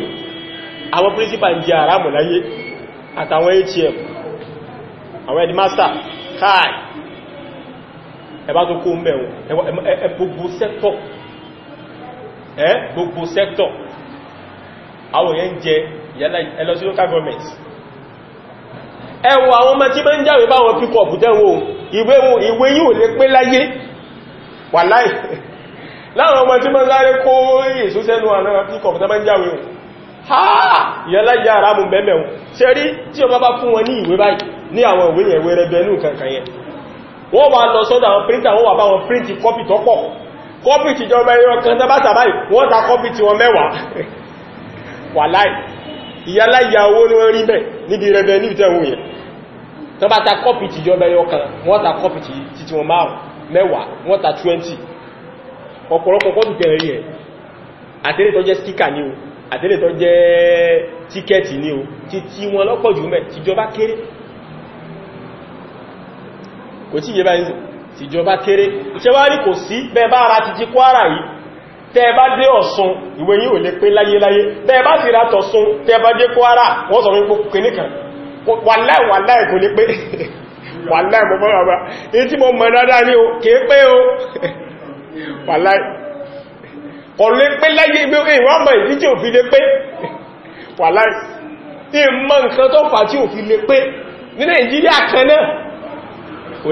àwọn príncipà ń jẹ àrámù láyé àtàwọn atm àwọn headmaster káì ẹ̀bá tó kó mẹ́wọ̀n gbogbo sector ẹ̀ gbogbo sector àwọn èèyàn jẹ ẹlọ sí local government ẹwọ àwọn ọmọ tí mẹ́ ń jáwé bá wọn pípọ̀ pùtẹ́wò ìwé wọn ìwé yíò lè pé láyé wà láì láwọn ọmọ tí mẹ́ sáré kó èso sẹ́nu àwọn pípọ̀ pùtẹ́ mẹ́ ń jáwé wọn ha ìyẹ́lájá ara mú bẹ́ẹ̀mẹ̀ wọn ṣe rí tí ọmọ bá fún wọn ní ìwé báyìí ní àwọn ìwé yẹn wẹ́rẹ́ bẹ́ẹ̀nù kankan yẹn wọ́n wà lọ sọ́dọ̀ àwọn píríntà wọ́n wà bá wọn píríntì kọ́pì tó pọ̀ kọ́pì tí jọ mẹ́rin ọkàn tẹ́bátà báyìí wọ́n ta kọ́pì tí wọ́n mẹ́wàá wà láì ìyáláyà owó ní wọ́n rí bẹ̀ níbi rẹ̀bẹ̀ níbi tẹ́wọ̀n yẹn tó bá ta kọ́pì tí jọba ẹyọ kan wọ́n ta kọ́pì tí títí wọn márùn mẹ́wàá wọ́n ta 20 ọ̀pọ̀lọpọ̀ kọ́pì tẹ̀rẹ̀ rí ẹ̀ àtẹ́lẹ̀ tó jẹ́ stíkà ní o àtẹ́lẹ̀ tó jẹ́ tíkẹ́ẹ̀tì ní o ti tí wọn lọ́pọ̀ jù mẹ́ tìjọba kéré kò tí yẹ báyìí tìjọba kéré ṣe wá rí kò sí bẹ́ẹ̀ bá ara ti ti Kwara yìí tẹ́ bá dé Ọ̀ṣun ìwé yìí ò lè pé láyéláyé tẹ́ bá sì rátọ̀ sun tẹ́ bá dé Kwara wọ́n sọ wípé kìní kan wàláì wàláì kò lè pé wàláì mọ́ o kìí o wàláì kò lè pé láyé ìwé ìwọ́n mọ̀ ìdí tí ò fi lè pé wàláì ìmọ̀ nǹkan tó fà tí ò o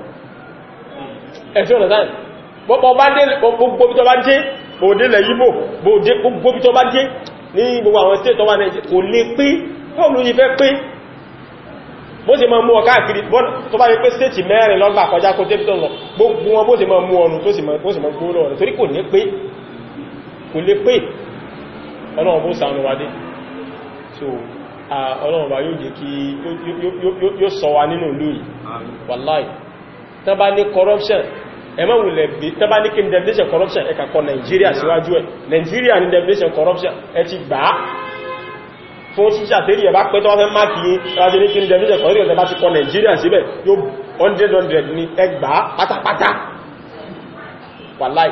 ẹ̀tí ọ̀nà sáà gbogbo bí tó bá dé bòdé lẹ̀ yíbò gbogbo bí tó bá dé ní gbogbo àwọn state tó wà Nàìjíríà kò lè pé bọ́ọ̀lù yìí fẹ́ pé bó ṣe máa mú ọ káàkiri tó bá yẹ pé state mẹ́rin lọ́gbà kọjá kó tẹ́ tó lọ gbogbo wọn bó ṣe máa mú ọrùn tó sì máa gbó lọ́rùn torí kò lè pé kò lè pé ọlọ́run bó sàánú wádé so ọlọ́run bá yóò jẹ́ kí yóò sọ wa nínú ìlú yìí wàláì tán ní corruption ẹmọ́ wùlẹ̀ bí tán bá ní kí ní corruption ẹ̀kà kọ Nigeria síwájú ẹ̀ Nigeria ní definition corruption ẹ ti gbà á fún ṣíṣà tẹ́lì ẹ̀bá pẹ́ tó wá fẹ́ máàkì yí ní kí ní corruption ẹ̀ bá ti kọ Nigeria síbẹ̀ yóò 100 ní ẹgbàá pátápátá wàláì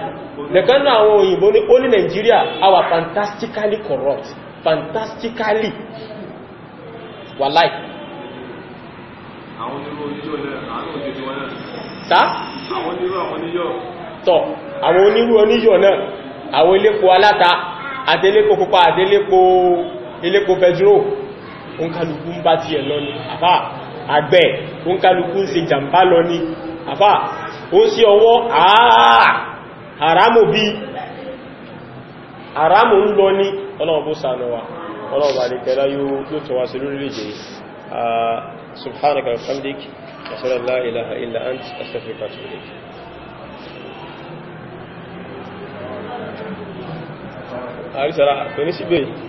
nìkan náà àwọn òyìnbó ní ó Nigeria our fantastically corrupt fantastically wàláì àwọn onílò onílò náà tá tọ̀ àwọn onírú oníyọ̀ náà àwọn ilépo aláta àtẹ́lépo pupa àtẹ́lépo ilépo pẹ̀dúró oúnkàlùkù ń bá ti ẹ̀ lọ ni àfá àgbẹ̀ oúnkàlùkù ń ṣe jàmbá lọ ni àfá ó sí ọwọ́ àrámù bí àrámù ń lọ ní ọlọ́run bó sànà wa ọlọ́run bá subhanaka wa hamdik أشهد أن لا إله إلا أنت أستغفرك وأتوب إليك àrísàrá kò ní síbẹ̀